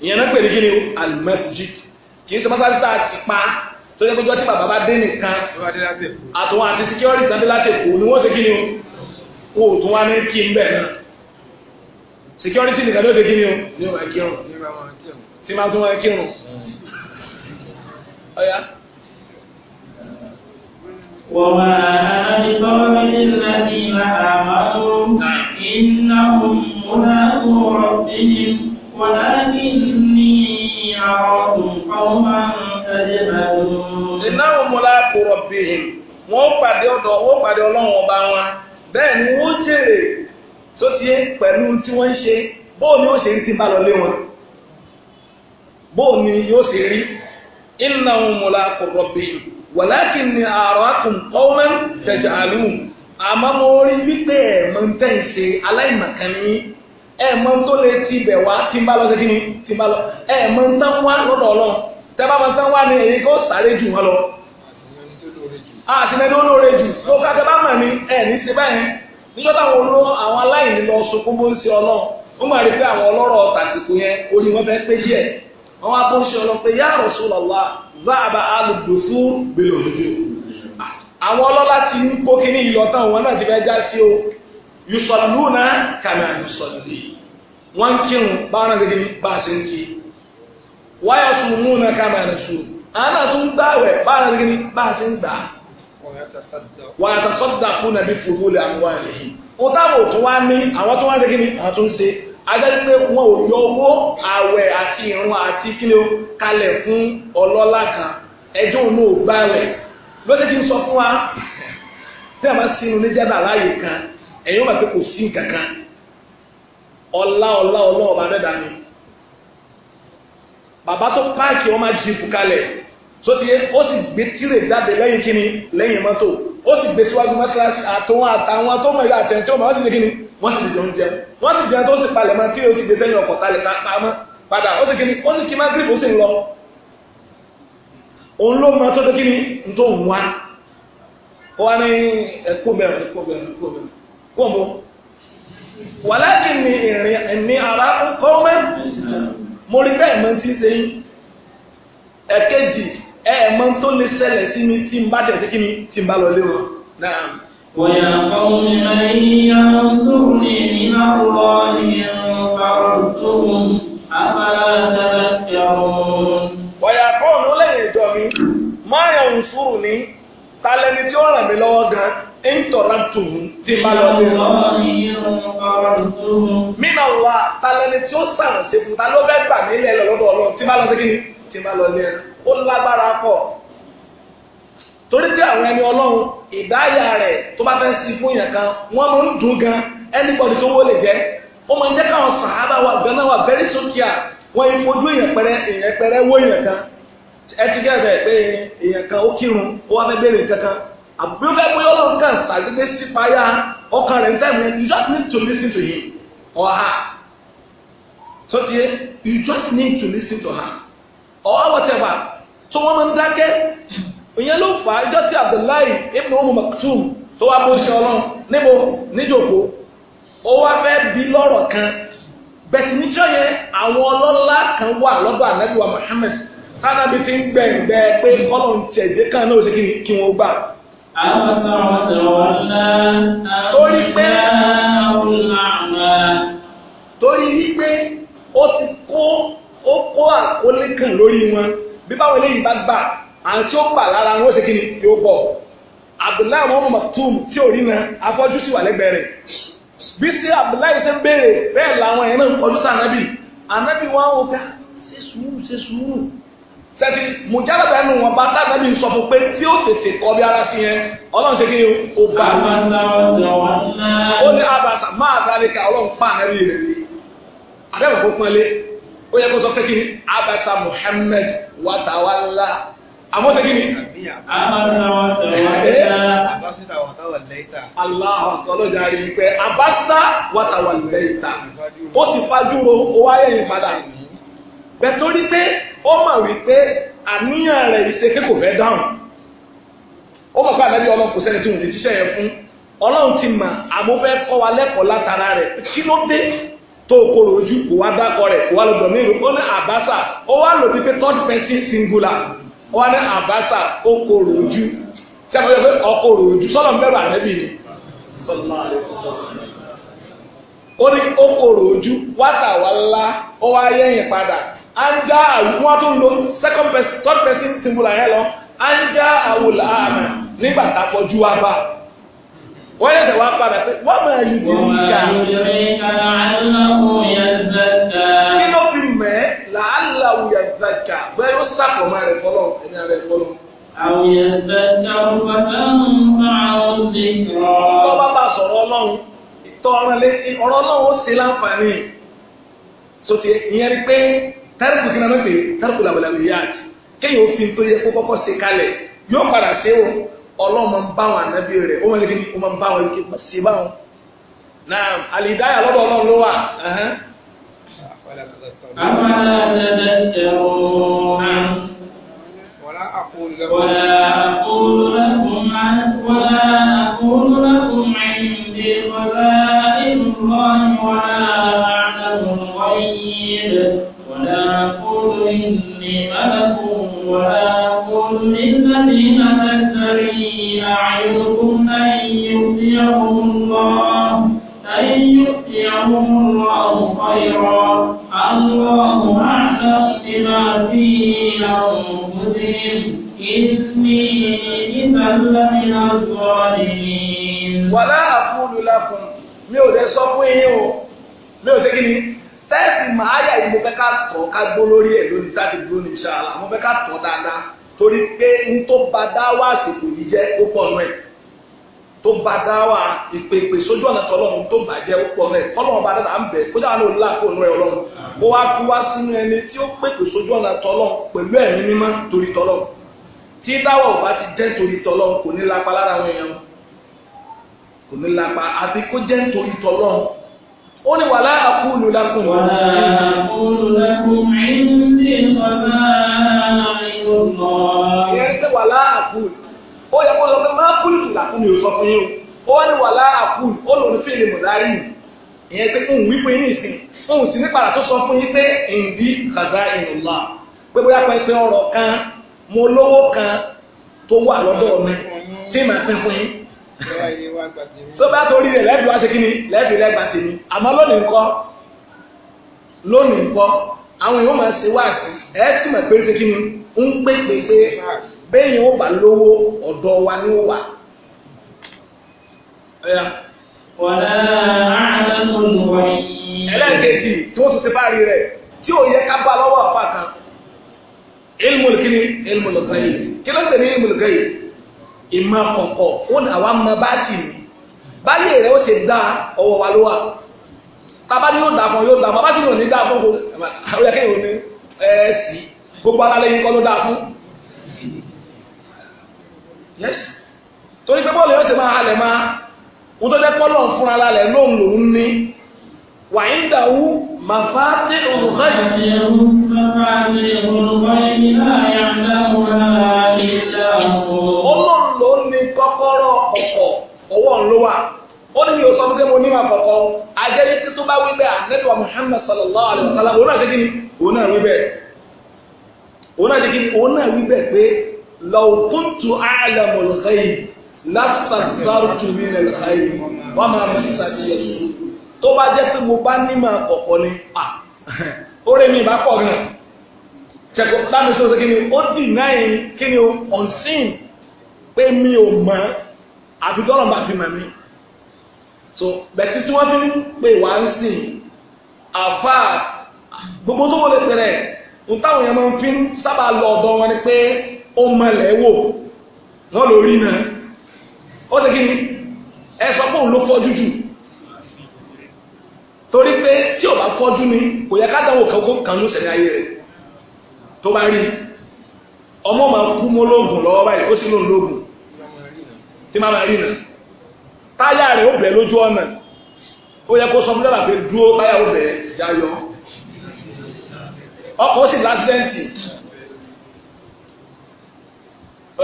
ìyẹn náà pè ní kí ni almasjid kì í ṣe mọ́sálásí tá a ti pa tó yẹ kójọ́ tí bàbá bá dé nìkan àtúnwá àti security náà láti èkó ni wọ́n ṣe kí ni o kò tún wá ní kí n bẹ̀ náà security nìkan ló ṣe kí ni o ní ọ̀rọ̀ kírun tí máa tún wọn kírun ọ̀yá. وما أعرفهم الذين wọ́n pàdé ọ̀dọ̀ wọ́n pàdé ọlọ́run ọba wọn bẹ́ẹ̀ ni wọ́n jèrè pẹ̀lú tí wọ́n ń ṣe bóun ó ṣe ń ti bá lọ lé bóò ni yóò sì rí innahum mulaqu rabbihim walakinni araakum qawman tajhalun àmọ́ mo rí wípé ẹ̀ ń tẹ̀ ń ti bẹ̀ wá tí ń bá lọ sí kí ni tí ń bá lọ ń tán wá lọ́dọ̀ ni lóore jù ló ká tẹ́ mọ̀ ní ẹ̀ ní ṣe báyẹn níjọ́ táwọn olóró àwọn aláìní lọ wọ́n wá bó ń pé yá Rasulullah záàbà alùdòsú bèlòdòdò àwọn ọlọ́lá ti ń kó kíní ìlọ́tàn wọn náà ti fẹ́ já sí o yusalluna kama yusalli wọ́n kírun báwọn gẹ́gẹ́ ní bá ṣe ń kí wáyọ̀ sùn mú náà kama yasum àánà tún gbàwẹ̀ báwọn gẹ́gẹ́ ní na ṣe ń gbà yàtọ̀ kú nàbí lè àwọn àlè yìí ó dábò tó adájú pé wọn ò yọ owó àwẹ̀ àti ìrun àti kílẹ̀ kalẹ̀ fún ọlọ́lá kan ẹjọ́ òun ò gbá rẹ̀ lọ́dẹ kí n sọ fún wa tí a máa sínú ní jábà láàyè kan ẹ̀yin wà pé kò sí nǹkan kan ọlá ọlá ọlá ọba dẹ́dá ni bàbá tó páàkì ọmọ jíìpù kalẹ̀ tó ti yẹ ó sì gbé tírè jáde lẹ́yìn kíni lẹ́yìn mọ́tò ó sì gbé síwájú mọ́ṣáláṣí àtòun àtàwọn tó mọ̀ ìlú àtẹ̀ntẹ́ ọmọ wọn ti ní kíni wọ́n sì jọ ń jẹ wọ́n sì jẹ tó sì palẹ̀ mọ́ tí o sì gbé sẹ́yìn ọkọ̀ talẹ̀ pamọ́ padà ó sì kí ni ó sì kí má gírìpù ó sì ń lọ òun ló mọ tó tó kí ni ń tó ń wá ó wá ní ẹ̀kọ́ mẹ́rin ẹ̀kọ́ mẹ́rin ẹ̀kọ́ mẹ́rin kó mọ́ wàláàkì ni ìrìn ẹ̀mí ara kọ́ mẹ́rin mo rí bẹ́ẹ̀ mọ́ tí ṣe yín ẹ̀kejì ẹ̀ẹ̀mọ́ tó lè ṣẹlẹ̀ sí mi tí ń bá tẹ̀ sí kí ni tí ń bá lọ lé wọn náà. ويا قوم من ينصرني من الله إن فررتم أفلا تذكرون ويا قوم lẹ́yìn ìjọ mi ما ينصرني ta lẹni tí ó ràn mí lọ́wọ́ gan ń tọ̀ra tùn tí bá lọ bí wọn. mímọ wa ta lẹni tí ó sàn ṣe fún ta ló fẹ́ gbà mí lẹ́ lọ́dọ̀ ọlọ́run tí bá lọ sí kí ni tí bá lọ lẹ́nu ó lágbára pọ̀. torí pé àwọn ẹni ọlọ́run ìdáyà rẹ̀ tó bá fẹ́ sí fún èèyàn kan wọ́n máa ń dùn gan anybody tó wó lè jẹ́ ó máa ń jẹ́ káwọn sàhábà wà wà very social wọ́n yìí fojú èèyàn pẹrẹ èèyàn pẹrẹ wó èèyàn kan ẹ ti gẹ́ bẹ̀ pé èèyàn kan ó kírun ó wá fẹ́ béèrè kankan àbí ó fẹ́ bóyá ọlọ́run kan ṣàdédé ìyẹn ló fà á ìjọ tí Abdullahi ibn Umm Maktum tó wá bó ṣe ọlọ́run níbo níjòkó ó wá fẹ́ bí lọ́rọ̀ kan bẹ̀tì níjọ́ yẹn àwọn ọlọ́lá kan wà lọ́dọ̀ ànábì wa Muhammad sánábì ti ń gbẹ̀ngbẹ́ pé kọ́lọ̀ ń tẹ̀jẹ́ kan náà ṣe kí wọ́n gbà. torí pé torí wípé ó ti kó ó kó àkólé kan lórí wọn bí báwo eléyìí bá gbà àti ó gbà lára ní ó ṣe kíni yóò pọ̀ abdullahi ọmọ maktum tí ò rí náà afọ́jú sí wà lẹ́gbẹ̀ẹ́ rẹ̀ bí sí abdullahi ṣe ń béèrè bẹ́ẹ̀ làwọn ẹ̀rọ ń kọjú sí anabi anabi wọn ò ká ṣe sùúrù ṣe sùúrù sẹ́tì mùjálàbà ẹnu wọn bá tá anabi sọ fún pé tí ó tètè kọ bí ara sí yẹn ọlọ́run ṣe kíni ó bá ó ní abasa máa dáre ká ọlọ́run pa anabi rẹ̀ àbẹ́wò kó pọ́nlé ó yẹ kó sọ pé kíni abasa muhammad wàtàwálà àmọ́ tẹ́kí ni. abasita wàtàwàlẹ́ta. aláhùn o rí i pé abasita wàtàwàlẹ́ta ó sì fajú ro owó ayé yìí padà bẹ́ẹ̀ torí pé ó mọ̀ wípé àníyàn rẹ̀ ìṣeké kò fẹ́ dáhùn ó mọ̀ pé àdájọ́ ọlọ́run kò sẹ́ni tí òun lè jíṣẹ́ yẹn fún ọlọ́run ti mà àmọ́ fẹ́ kọ́ wa lẹ́kọ̀ọ́ látara rẹ̀ kí ló dé tó kóró ojú kò wá dákọ rẹ̀ kò wá lọ́dọ̀ mí ó ní àbáṣà ó wá lò wípé third person singular wọn ní àbáṣà ó korò ojú sẹ́kọ̀ọ́ yẹ pé ọkọ̀rò ojú sọ́lọ́ mẹ́rọ ànẹ́bì ni ó ní ọkọ̀rò ojú wátàwálá ó wá yẹ́yìn padà á ń wọn tó lo second person third person singular yẹn lọ á ń já àwọn làánà nígbà tá a fọjú wa bá wọ́n yẹ sẹ́ wá padà pé wọ́n máa yí di níjà. wọ́n máa yí di níjà yẹ̀dẹ̀kà bẹ́ẹ̀ yóò sàkọ̀mọ́ rẹ̀ fọlọ́ ẹ̀mí rẹ̀ fọlọ́. àwọn yẹ̀dẹ̀kà bàbá ń bá àwọn ọmọdé rọ. tó bá bá sọ̀rọ̀ ọlọ́run tọ́ ọ̀rọ̀ létí ọ̀rọ̀ ọlọ́run ó ṣe láǹfààní. sọtì ìyẹn rí pé tárùkù kí náà pè tárùkù làbàlàbì yá àti kéèyàn òfin tó yẹ kó kọ́kọ́ ṣe kalẹ̀ yóò padà ṣe o ọlọ́run máa ń bá wọn ànábì rẹ̀ ó máa ń bá wọn ṣe báwọn. náà àlìdáyà lọ́dọ̀ ọlọ́run ló wà. أفلا تذكرون نعم. ولا أقول لكم ولا أقول لكم ولا أقول لكم عندي خزائن الله ولا أعلم الغيب ولا أقول إني ملك ولا أقول للذين تستري أعينكم أن يؤتيهم الله أن يؤتيهم الله خيرا والله أعلم بما في أنفسهم إني إذا لمن الظالمين ولا أقول لكم mi ò lè sọ fún yín o mi ò kí ni màá yà yìí mo fẹ́ ká ká gbó lórí ẹ̀ lónìí tá a ní fẹ́ ká dáadáa torí pé n tó ba dá yìí jẹ́ ó tó ń bá dáwà ìpèpè sójú ọ̀nà tọ́lọ́run tó ń bàjẹ́ púpọ̀ rẹ̀ tọ́lọ́run bá dáadáa ń bẹ̀ kó dáa lóun láàkó òun rẹ̀ ọlọ́run ó wá fi wá sínú ẹni tí ó pèpè sójú ọ̀nà tọ́lọ́run pẹ̀lú ẹ̀mí mímọ́ torí tọ́lọ́run tí dáwà ò bá ti jẹ́ torí tọ́lọ́run kò ní lápá lára àwọn èèyàn kò ní lápá àfi kó jẹ́ torí tọ́lọ́run ó ní wàlá àkúlù lákùn. wàlá ó yẹ kó lọ pé máa kúlù tù làkún mi ò sọ fún yín o ó wá ní wà lára kúlù ó lòun fi lè mọ̀ lárí yìí ìyẹn pé òun wí fún yín nìsín òun sì nípa àtó sọ fún yín pé ìdí kàzá ìrùlá pé bóyá pẹpẹ ọ̀rọ̀ kan mo lówó kan tó wà lọ́dọ̀ mi tí màá pín fún yín [LAUGHS] tó bá torí rẹ̀ lẹ́bi wá ṣe kí ni lẹ́bi lẹ́gbàá tèmi àmọ́ lónìí ńkọ́ lónìí ńkọ́ àwọn èèyàn máa ṣe wá sí ẹ sì mọ̀ pé ṣe kí ni ń pè pé bẹ́ẹ̀ ni ó bá lówó ọ̀dọ̀ wa ní wà. wàlá àlàkùn wọ̀nyí. ẹlẹ́ẹ̀kejì tí wọ́n tún ṣe bá rí rẹ̀ tí ò yẹ ká bá lọ́wọ́ àfa kan ilmul kini ilmul ghaib kí ló ń tẹ̀lé ilmul ghaib ìmọ̀ kọ̀kọ̀ ó ní àwa mọ bá tì mí báyìí rẹ̀ ó ṣe dá ọwọ́ wa ló wà bàbá yóò dà yóò dà fún sì ní òní dà fún kò ó gbogbo alálẹ́yìn kọ́ ló dà Yes. torí pé bọ́ọ̀lù yóò ṣe máa halẹ̀ máa ń tó jẹ́ pọ́lọ̀ fúnra lálẹ̀ lóhùn lòún ní wàyíndàwú màfáàtì òrùka yìí. ọlọ́run ló ní kọ́kọ́rọ́ ọkọ̀ ọwọ́ ń ló wà ó ní yóò sọ fún mo níwà kọ̀kọ́ ajẹ́lẹ́ tí tó bá wí náà ṣe kí ni òun náà wí bẹ́ẹ̀ òun náà ṣe kí ni òun لو كنت أعلم الخير لاستكثرت من الخير وما مسني السوء tó bá jẹ́ pé mo bá nímọ̀ kọ̀kọ̀ ni à orí mi bá pọ̀ gan ṣẹ̀kọ̀ láti sọ́sọ́ kí ni ó dì náà kí ni unseen pé mi ò mọ̀ àfi tọ́lọ̀ bá fi mọ̀ mi so bẹ̀tí tí wọ́n fi ń pè wá ń sìn àfà gbogbo tó wọlé pẹ̀rẹ̀ ń táwọn èèyàn máa ń fi sábà lọ ọ̀dọ̀ wọn ni pé ó mẹ́lẹ̀ wò wọ́n náà ó sì kí ni ló fọ́jú jù torí pé tí ò bá fọ́jú ní kò yẹ kádàwò kankan kanú ayé rẹ̀ tó bá rí ọmọ ma kú mọ́ lóògùn lọ́wọ́ báyìí ó sì lóògùn lóògùn tí rí náà táyà rẹ̀ ó bẹ̀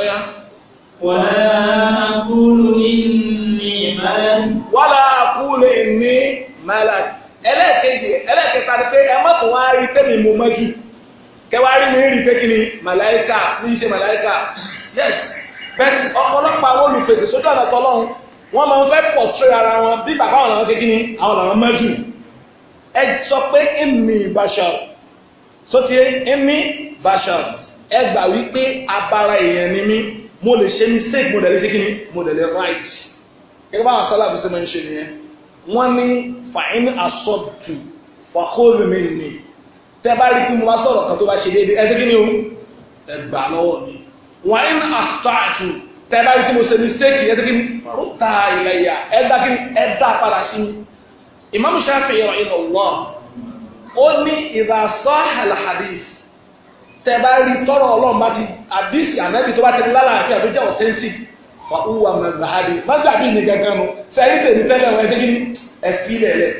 ọ̀yá. wàlá àkúlù ìní mẹ́lẹ̀. wàlá àkúlù ìní mẹ́lẹ̀. ẹlẹ́ẹ̀kejì ẹlẹ́ẹ̀kẹta ni pé ẹ mọ́tò wá rí tẹ́mi mo mọ́jú kẹwàá rí mi rí pé kí ni màláìka ní í ṣe yes bẹ́ẹ̀ ọ̀pọ̀lọpọ̀ àwọn olùpèsè sójú ọ̀nà tọ́lọ́run wọ́n máa ń fẹ́ pọ̀ sí ara wọn bí bàbá wọn làwọn ṣe kí ni àwọn làwọn mọ́jú ẹ sọ pé ẹ̀mí bàṣà sóti ẹ̀mí bàṣà ẹ gbà wípé abara èèyàn ni mí mo lè ṣe mistake mo dẹ̀ lè ṣe kí ni mo dẹ̀ lè right gẹ́gẹ́ bá àwọn sálàbù ṣe máa ń ṣe nìyẹn wọ́n ní fàáyín asọ́tù fàkóòlù mi nì tẹ́ bá rí pé mo bá sọ̀rọ̀ kan tó bá ṣe déédéé ẹ ṣe kí ni o ẹ gbà lọ́wọ́ mi wọ́n ní àtàtù tẹ́ bá rí pé mo ṣe mistake ẹ ṣe kí ni ó ta ilẹ̀ yà ẹ dá kí ni ẹ dá padà sí mi Imam Shafi'i rahimahullah ó ní ìdásọ́ al tẹ bá rí tọrọ Ọlọ́run bá ti àdísì ànábì tó bá ti lálàáfíà tó jẹ authentic wà ó wà mẹgbàhádì mọ́sàbí ní gangan nu sẹ́yìn tèmi tẹ́lẹ̀ wọn ẹsẹ́ kíní ẹ̀fí lẹ̀lẹ̀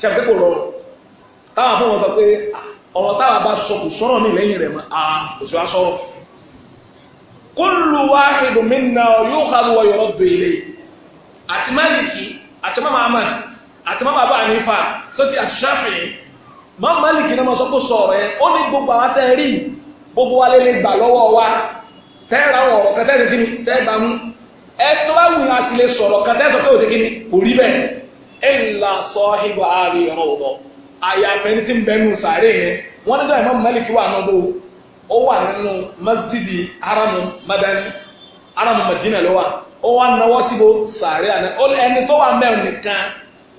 ṣe pé kò rọrùn táwọn afọ wọn sọ pé ah, ọ̀rọ̀ táwọn bá sọ kò sọ̀rọ̀ mi lẹ́yìn rẹ̀ mọ́ àá ah, kò sí wá wa yuraddu ilayhi àti Málìkì àti mọ́mọ́ Ahmad àti mọ́mọ́ Abu Hanifa sọ́tì àti máa Málìkì náà máa sọ pé sọ̀rọ̀ gbogbo àwọn gbogbo wa lè lè wa tẹ́ àwọn ọ̀rọ̀ kan tẹ́ kí mú ẹ tó bá wù lè sọ̀rọ̀ kan tẹ́ sọ ni kò rí bẹ́ẹ̀ ẹ̀ sọ ìgbà àárín ọ̀rọ̀ ọ̀dọ̀ àyàfẹ́ ma bụ ń bẹnu sàárè yẹn wọ́n ní dáhùn Málìkì wà náà bó ó wà nínú masjidi madani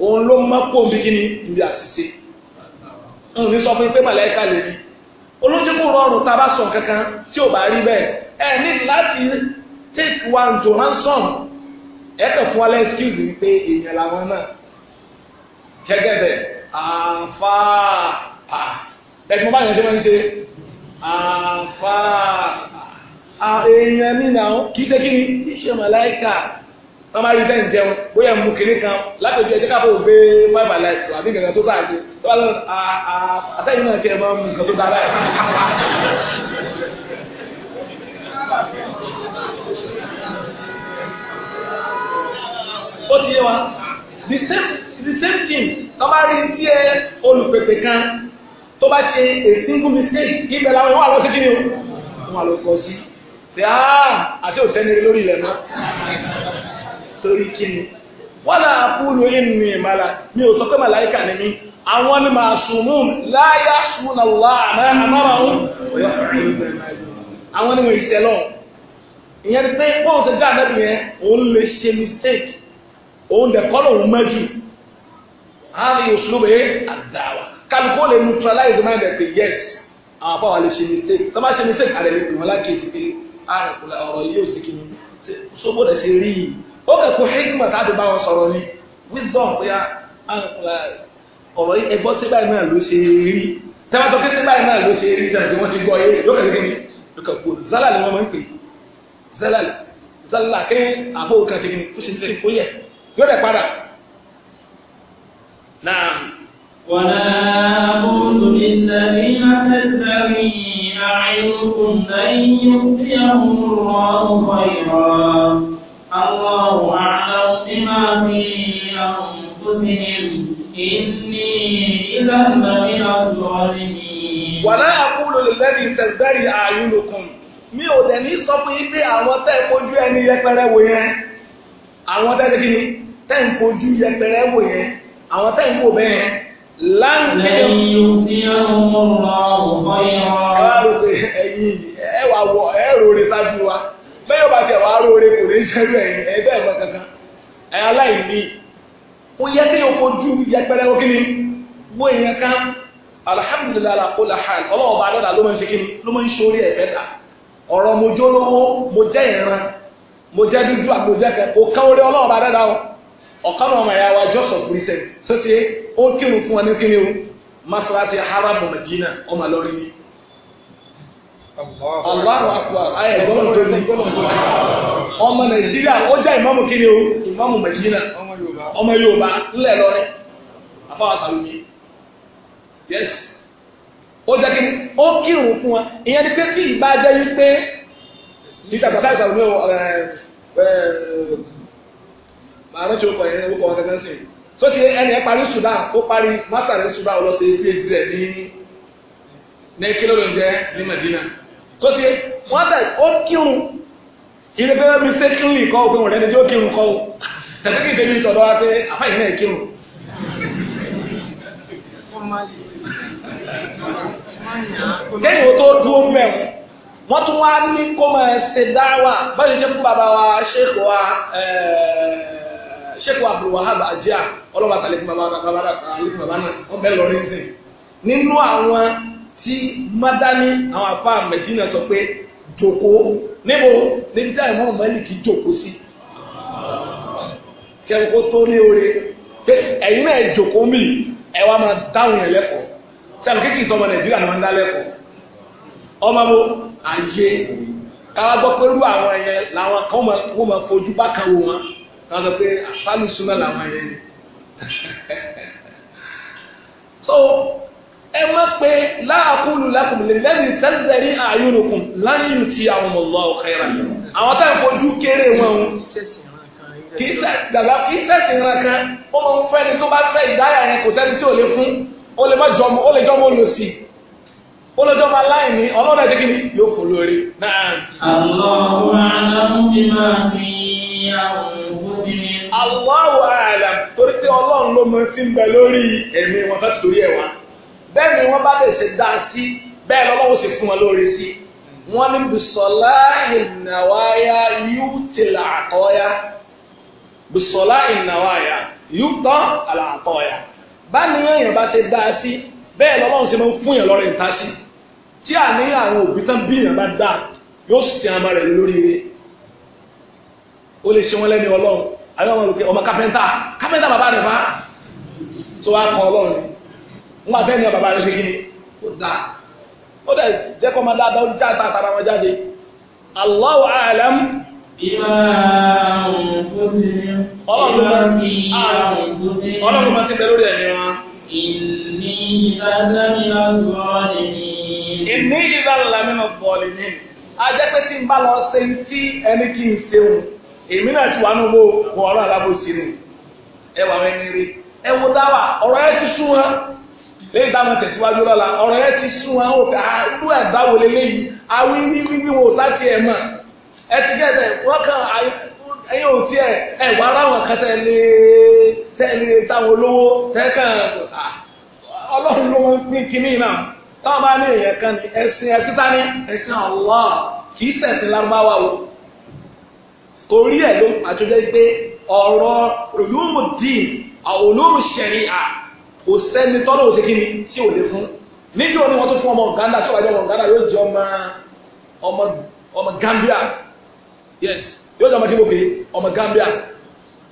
ó wà n ní sọ fún pé màláìka lè rí olójú kò rọrùn tá sọ kankan tí ò bá rí bẹ́ẹ̀ ẹ ní láti take one to ransom ẹ kàn fún wa lẹ́ excuse mi èèyàn làwọn náà jẹ́gẹ́dẹ̀ àǹfààà ẹ̀fọ́ báyìí ṣe máa ń ṣe àǹfààà èèyàn mi náà kì í ṣe kí ni kì í ṣe màláìka wọ́n máa rí bẹ́ẹ̀ jẹun bóyá mú kiri kan látọ̀jú ẹjẹ́ káfọ́ òbí five alive àbí nǹkan tó sáà ṣe tó bá lọ àtẹ́yìn náà tiẹ̀ máa mú nǹkan tó dára ẹ̀. ó ti yé wa the same the same thing wọ́n máa rí tí ẹ olùpèpè kan tó bá ṣe a single mistake ibẹ̀ làwọn ìwà lọ sí kí ni o wọ́n wà lọ kọ sí. Ah, àṣé òsẹ́ni lórí ilẹ̀ náà torí kí ni wọ́n là kúlù ìnù ìmàlà mi ò sọ pé màláìkà ni mí àwọn ni màá sùnmùn láyà sùn àlá àmàrà òun àwọn ni wọ́n ìṣẹ́ lọ ìyẹn pé bóun ṣe jẹ́ àdẹ́bì yẹn òun lè ṣe mistake òun dẹ̀ kọ́ lòun mẹ́jù àárín òṣùlùmọ̀ ẹ̀ àdáwà kálukó neutralize mind ẹ̀ yes àwọn afọ lè ṣe mistake tọ́ bá ṣe mistake àdẹ̀lẹ̀ pè wọ́n pé àrùn ah, ọ̀rọ̀ yìí ò sí kí ni rí ó kẹ́kọ̀ọ́ hikma táàbí bá wọn sọ̀rọ̀ ni wisdom bóyá ọ̀rọ̀ ẹgbọ́ sí báyìí náà ló ṣe rí tẹ́wọ́n sọ pé sí báyìí náà ló ṣe rí tàbí wọ́n ti gbọ́ yé ló kẹ́kọ̀ọ́ ni ló kẹ́kọ̀ọ́ zálà ni wọ́n máa ń pè zálà zálà kí àbó kan ṣe kí ó ṣe ti kó yẹ yóò rẹ̀ padà. ولا أقول للذين تستوي أعينكم أن يؤتيهم الله خيرا الله أعلم بما في أنفسهم إني إذا لمن الظالمين ولا أقول للذي تزدري أعينكم mi ò dẹ̀ ní sọ fún yín pé àwọn tẹ́ ẹ fojú ẹni yẹpẹrẹ wò yẹn àwọn tẹ́ ẹ fojú yẹpẹrẹ wò yẹn àwọn tẹ́ ẹ fò bẹ́ẹ̀ láǹkì. lẹ́yìn òbí ọmọ ọ̀rọ̀ ọ̀fọ̀ yẹn. wa bẹ́ẹ̀ bá tiẹ̀ wàá lóore kò ní sẹ́rù ẹ̀yìn ẹ̀ bẹ́ẹ̀ mọ kankan ẹ̀ aláìní ó yẹ kí yóò fojú yẹpẹrẹ ó kíni wó èèyàn kan alhamdulilayi alakola hàn ọlọ́wọ́ bá dọ́là ló máa ń ṣe kíni ló máa ń ṣe orí ẹ̀fẹ́ dà ọ̀rọ̀ mo jó lówó mo jẹ́ ìran mo jẹ́ dúdú àti jẹ́ kẹ kò kán orí ọlọ́wọ́ bá dọ́là o ọ̀kan náà ọmọ ẹ̀yà wa jọ́sọ̀ bùrìsẹ̀ sọ́tì ó kírun fún wa ní kíni o masalasi haramu madina ọmọ lọ́rin ni Allahu akbar ayé gbọ́dọ̀ tó ní ọmọ Nàìjíríà ó jẹ́ ìmáàmù kí ni o ìmáàmù Mẹ̀dínà ọmọ Yorùbá ńlẹ̀ lọ́rẹ́ afáwọn sàlùmí yes ó jẹ́ kí ó kírun fún wa ìyẹn ni pé tí ìbá jẹ́ wípé ìṣàkóso àìsàlùmí ò màá rántí ó kọ yẹn o kọ wọn gẹ́gẹ́ sí i tó ti ẹni ẹ parí Sudan ó parí másàlẹ̀ Sudan ó lọ sí ilé ìdílé ní ní kíló ló ń jẹ́ ní Madina tó ti wọ́n tẹ̀ ó kírun ilé pé mi ṣe kírun ìkọ́ òpin òun rẹ̀ ní tí ó kírun kọ́ o tẹ̀sí kì í ṣe bí tọ̀dọ̀ wa pé àfa ìhìn náà kírun. kéyìn wo tó dúró mẹ́rin wọ́n tún wá ní kó máa ṣe dáwà bá ṣe ṣe fún bàbá wa ṣèkò wa ṣèkò eh, Abdulwahab Ajia ọlọ́wà sàlẹ̀ fún bàbá náà wọ́n bẹ́ẹ̀ lọ rí nínú àwọn tí mádání àwọn afá mẹdínà sọ pé jókòó níbo níbi táyà mọ́ mẹ́lìkì jókòó sí tí ẹ̀kọ́ tó ní oore pé ẹ̀yin náà jókòó mi ẹ̀ wá máa dáhùn ẹ̀ lẹ́kọ̀ọ́ tí àwọn kékeré sọ ọmọ nàìjíríà ni wọ́n ń dá lẹ́kọ̀ọ́ ọmọ mo àyè káwá gbọ́ pé irú àwọn ẹ̀yẹ làwọn kan wọ́n máa fojú bákan wò wọn káwọn sọ pé àfáàlù súnmọ́ làwọn ẹ̀yẹ [LAUGHS] so ẹ má pé láàkúlù lákùnlé lẹ́nu tẹ́lẹ̀rí àyùnùkùn láyìn tí àwọn ọlọ́ khairan àwọn táwọn fojú kéré wọn o kì í dàgbà kì í sẹ́sìn ìran kan ó máa ń fẹ́ ni tó bá fẹ́ ìdáyà yẹn kò sẹ́ni tí ò lè fún ó lè jọmọ ó lè jọmọ ó lè jọmọ aláìní ọlọ́dọ̀ ẹ̀jẹ̀ kìíní yóò fò lórí náà. Allahu a'lamu bima fi anfusihim. Allahu a'lam torí pé ọlọ́run ló mọ ti ń bẹ lórí ẹ̀mí wọn bá sórí ẹ̀ bẹ́ẹ̀ ni wọ́n bá lè ṣe dá sí bẹ́ẹ̀ lọ́wọ́ sì fún wọn lórí sí wọ́n ní bùsọ̀lá ìnáwáyá yóò tẹ̀lé àtọ́yá bùsọ̀lá ìnáwáyá yóò tọ́ àlàtọ́yá bá ní èèyàn bá ṣe dá sí bẹ́ẹ̀ lọ́wọ́ sì máa ń fún yàn lọ́rẹ̀ ń sí tí àníyàn àwọn òbí tán bí èèyàn bá dá yóò sì àmà rẹ̀ lórí rẹ̀ ó lè ṣe wọn lẹ́ni ọlọ́run àyọ̀ ọmọ bàbá rẹ̀ bá tó wá ńgbà sẹ́ni ọ̀bàbà rẹ̀ ṣe kíni kò dà ó dẹ̀ jẹ́ kọ́ máa dáadáa ó já ta tara wọn jáde Allahu a'lam. ìmọ̀ àwọn òǹkóṣe ọlọ́run máa ti bẹ lórí ẹ̀mí wọn. ìní ìdádámínà sọ́ọ̀lì ni. ìní ìdádámínà sọ́ọ̀lì ni. a jẹ́ pé tí n bá lọ ṣe ń tí ẹni kí n ṣeun èmi náà ti wà ní owó wọn ọlọ́run alábòsí ni ẹ wà wẹ́n ní rí ẹ wo dáwà ọ̀rọ̀ ẹ ti sún wọn lẹ́yìn táwọn tẹ̀síwájú lọ́la ọ̀rọ̀ yẹn ti sún wọn ó fi àdú ah, ẹ̀dá wo leléyìí awí wíwí wọn ò sáti ẹ̀ mọ̀ ẹ ti gẹ̀ẹ́sẹ̀ wọ́n kàn ah, ẹ̀yìn ò tiẹ̀ ẹ̀ wá láwọn kan tẹ̀lé tẹ̀lé táwọn olówó tẹ̀kàn ah, ọlọ́run ló ń pín kínní náà táwọn bá ní èèyàn kan ní ẹ̀sìn ẹ̀sìn tání ẹ̀sìn Allah kì í ṣẹ̀sìn lárúbáwá o torí ẹ̀ ló àjọjọ́ pé ọ̀rọ̀ olóòmù dín olóòmù ṣẹ̀ríà kò sẹ́ni tí ò lè fún níjọ́ ni wọ́n fún ọmọ Uganda tí jẹ́ ọmọ Uganda yóò jẹ́ ọmọ ọmọ Gambia yes yóò jẹ́ ọmọ kí lókè ọmọ Gambia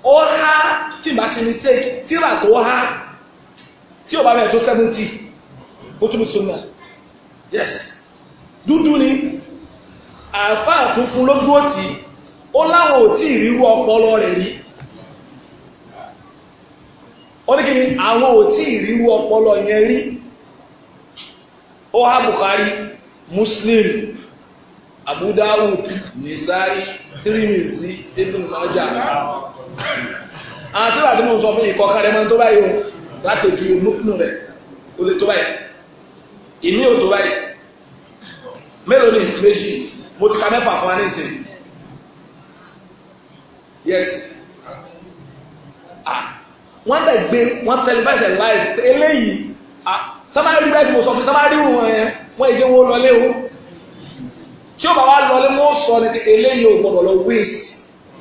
ó há tí màá ṣe mistake tíra tó tí ò bá bẹ̀rẹ̀ tó seventy kó tún yes dúdú ni ó láwọn ò tí ì ọpọlọ rẹ̀ rí. ó ní kí ni àwọn ò ìrírú ọpọlọ yẹn rí ó há Bukhari Muslim Abu Dawud Nisai Tirimizi Ibn Majah àti láti mú sọ fún ikọ̀ kárẹ́ máa ń tó báyìí o láti ojú nùkùnù rẹ̀ ó lè tó báyìí ìní ò tó báyìí mélòó ní méjì mo ti ka mẹ́fà fún wa ní ìsìn yes ah wọ́n dẹ̀ gbé wọ́n tẹlifásẹ̀ láì eléyìí sábà rí bẹ́ẹ̀ tí mo sọ fún sábà rí wọn yẹn wọ́n èdè wọn lọlé o tí ó bá wá lọlé wọ́n sọ ní pé eléyìí ò gbọdọ̀ lọ waste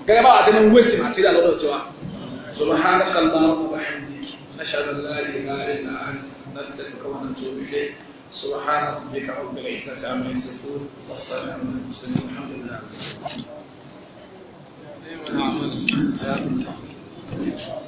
gẹ́gẹ́ bá wà sí ní waste material lọ́dọ̀ tiwa. سبحانك اللهم وبحمدك نشهد ان لا اله الا انت نستغفرك ونتوب اليك سبحان ربك رب العزه عما يصفون والسلام على المرسلين الحمد لله Thank you.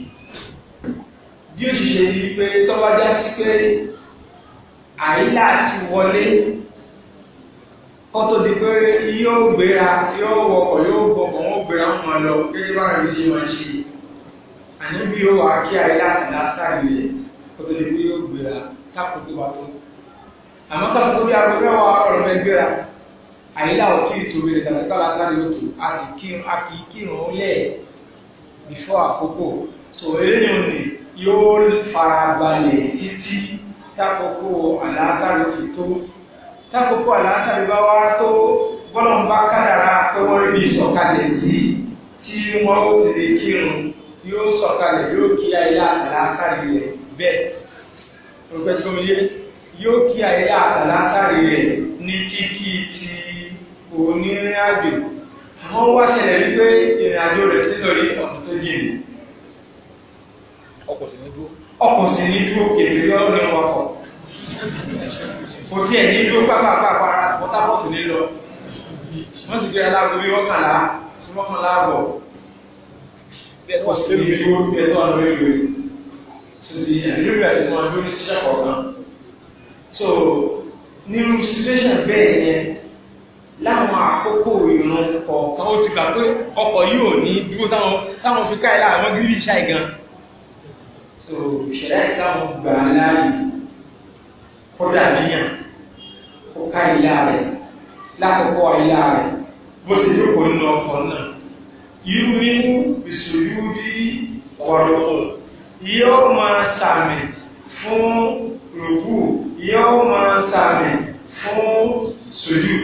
bí ó sì ṣe ní pé tọ́wọ́ já sí pé àyílà ti wọlé kọ́ tó di pé yóò gbéra yóò wọkọ̀ yóò gbọkọ̀ wọ́n gbéra ń mọ̀ lọ gẹ́gẹ́ bá rẹ̀ ṣe wọ́n ṣe àní bí ó wà kí àyílà sì lásàgbé rẹ̀ kọ́ tó di pé yóò gbéra kákòókò bá tó àmọ́ kásìkò bí aago mẹ́wàá ọ̀rọ̀ mẹ́ gbéra àyílà ò tí ì tó rẹ̀ kásìkò lásàgbé ó tó a sì kírun a kì í kírun ó lẹ̀ bífọ́ àkókò so eléyìí ò ní yóò farabalẹ̀ títí tákòókò àlàáfàrí fi tó tákòókò àlàáfàrí bá wá tó bọ́lọ̀n bá kádàrá pé wọ́n rí sọ̀kalẹ̀ sí tí wọ́n ó ti lè kírun yóò sọ̀kalẹ̀ yóò kí ayé àlàáfàrí rẹ̀ bẹ́ẹ̀ rògbẹ́sọ́mìyé yóò kí ayé àlàáfàrí rẹ̀ ní kíkí ti onírìnàjò wọ́n wá ṣẹlẹ̀ wípé ìrìnàjò rẹ̀ sínú orí ọ̀pọ̀ tó jìnnà ọkọ̀ sì ní dúró. ọkọ̀ sì ní dúró kèsì lọ́wọ́ lọ́wọ́ ọkọ̀ kò tí ẹ̀ ní dúró pápápápá pọ́tàpọ́tù ní lọ wọ́n sì gbé aláàbò bí mọ́kànlá sí mọ́kànlá àbọ̀ ọkọ̀ sì ní dúró ẹ̀tọ́ àwọn èrò tuntun ẹ̀lúrẹ̀ àtìmọ́ lórí síṣẹ́ kọ̀ọ̀kan so nínú situation bẹ́ẹ̀ yẹn láwọn àkókò ìrun kọ̀ọ̀kan ó ti gbà pé ọkọ̀ yìí ò ní dúró táwọn fi káyà àwọn gírí ìṣá ìgan so ìṣẹ̀lẹ̀ ìsìláàmù gbà á láàyè kódà níyàn kó ká ilá rẹ̀ lákòókò ilá rẹ̀ bó ṣe jókòó nínú ọkọ̀ náà irú nínú ìṣòyú bí ọ̀rọ̀ yóò máa sàmì fún rògbò yóò máa sàmì fún sòjú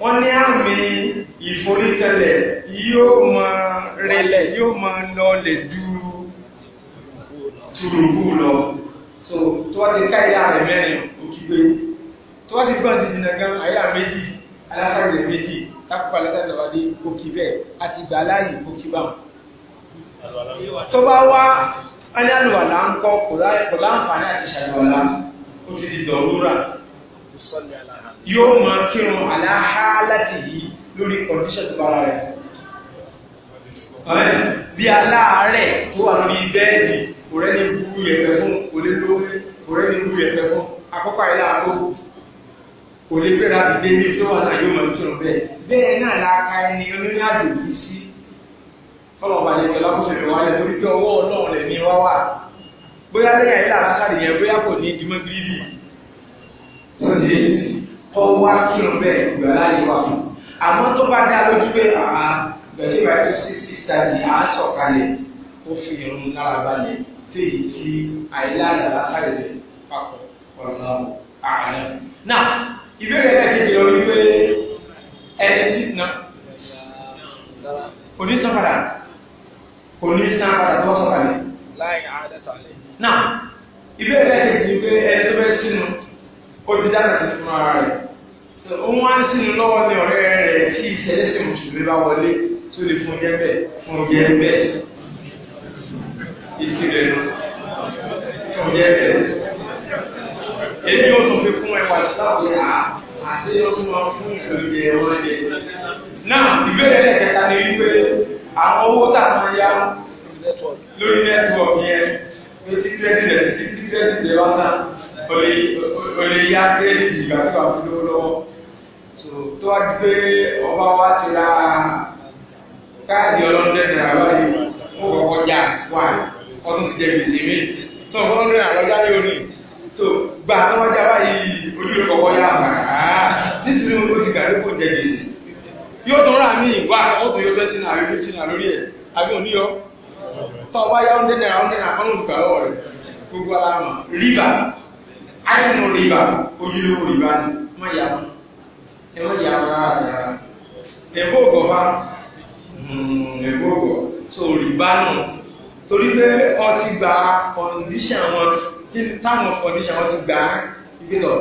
wọ́n ní àmì ìforíkẹlẹ̀ yóò máa rẹlẹ̀ yóò máa lọlẹ̀ du túrùkú lọ so tó wá ti ká ìyá rẹ̀ mẹ́rin òkígbé tó wá ti gbọ́n ti dìnà gan àyà méjì alásàgbẹ̀ méjì lápapọ̀ alásàgbẹ̀wádé òkíbẹ̀ àti ìgbà aláyè òkíbà tó bá wá alálùwàlá ń kọ́ kò láǹfààní àti ṣàlùwàlá ó ti di dọ̀rúrà yóò máa kírun aláhá láti yìí lórí kọ̀díṣẹ̀ tó bára rẹ̀ bí aláàárẹ̀ tó wà lórí bẹ́ẹ̀dì kò rẹ́ni bú yẹ̀pẹ̀ fún olélórí kò rẹ́ni bú yẹ̀pẹ̀ fún akọ́pá ilá tó kò lè fẹ́ra dìde ní tó wà náà yóò mọ̀ bẹ́ẹ̀ bẹ́ẹ̀ náà la ka ẹni onírìn àjò yìí sí ọlọ́ọ̀bà lè pẹ̀lú àkóso rẹ̀ wálẹ̀ torí pé ọwọ́ náà lẹ̀ ní wá wà bóyá lẹ́yìn ilé àlásàrì yẹn bóyá kò ní dimọ́ gírígì sọ́sì kọ́ wá kí n bẹ́ẹ̀ gbà láyé wà fún àmọ́ tó bá dá lójú pé àá gbẹ̀dẹ́ ìbáyé tó sí sí sàdí àá sọ̀kalẹ̀ ó fi irun lára balẹ̀ tèyí kí àìláàdà látàrí rẹ̀ papọ̀ ọ̀nà àárẹ̀. Now, ìbéèrè ẹ̀ kejì lọ wípé ẹni tí na onísànpadà onísànpadà tó sọ̀kalẹ̀. Láì àádẹ́ tàlẹ́. Now, ìbéèrè ẹ̀ kejì wípé ẹni tó fẹ́ sínú ó ti dáná sí fún ara rẹ̀. So, ó wá ń sínú lọ́wọ́ ní ọ̀rẹ́ rẹ̀ tí ìṣẹ̀lẹ̀ sí mùsùlùmí bá wọlé tó lè fún jẹ́ fún jẹ́ bẹ́ẹ̀ ìsì rẹ̀ nù ọ̀yẹ́ rẹ̀ èyí yóò tó fi kún ẹwà ìsáwò yà á àti yóò tún máa fún ìròyìn ẹ̀wọ̀ ẹ̀jẹ̀ náà ìbéèrè lẹ́kẹta ni wípé àwọn owó tá a máa yá lórí nẹ́tíwọ̀kì yẹn ní ti kírẹ́dìtì rẹ̀ ti kírẹ́dìtì rẹ̀ wá tán o lè yá kírẹ́dìtì ìgbà tí wàá fi lówó lọ́wọ́ tó wá di pé ọba wa ti ra káàdì ọlọ́dẹ náírà báyìí ó kọ́kọ́ já wáyé ọdún ti jẹ gbèsè mi tó ń fọ́nrán náà lọ́jà yóò ní tó gbà tí wọ́n já báyìí ojú rẹ̀ kọ̀kọ́ yá àmàrà ah, nísìnyí o ti gàrí kò jẹ gbèsè yóò tún rà mí ìwà ó tún yóò twenty naira fifty naira lórí ẹ̀ àbí òníyọ tó ọba yá hundred naira hundred naira fọ́nrán òtún gbàlọ́wọ́ rẹ̀ gbogbo ara mọ̀ rìbá àìsàn rìbá ojúlówó rìbá ni wọ́n yà á ẹ wọ́n yà á rárá rárá ẹ̀bọ́ ògọ̀ fa ẹ̀bọ́ ògọ̀ so rìbá náà torí pé ọ ti gba condition wọn kí táwọn condition wọn ti gbà á ibi lọ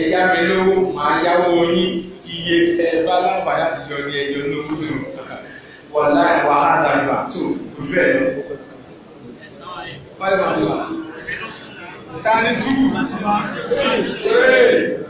ẹ̀yà mi lówó màá yáwó yín iye ẹ̀ bá láǹfààní àti yọ ní ẹ̀yọ lówó tó wà láì wàhálà ìgbà tó kò fẹ́ lọ. Báyọ̀ bá ti wà. Ta ni dúró?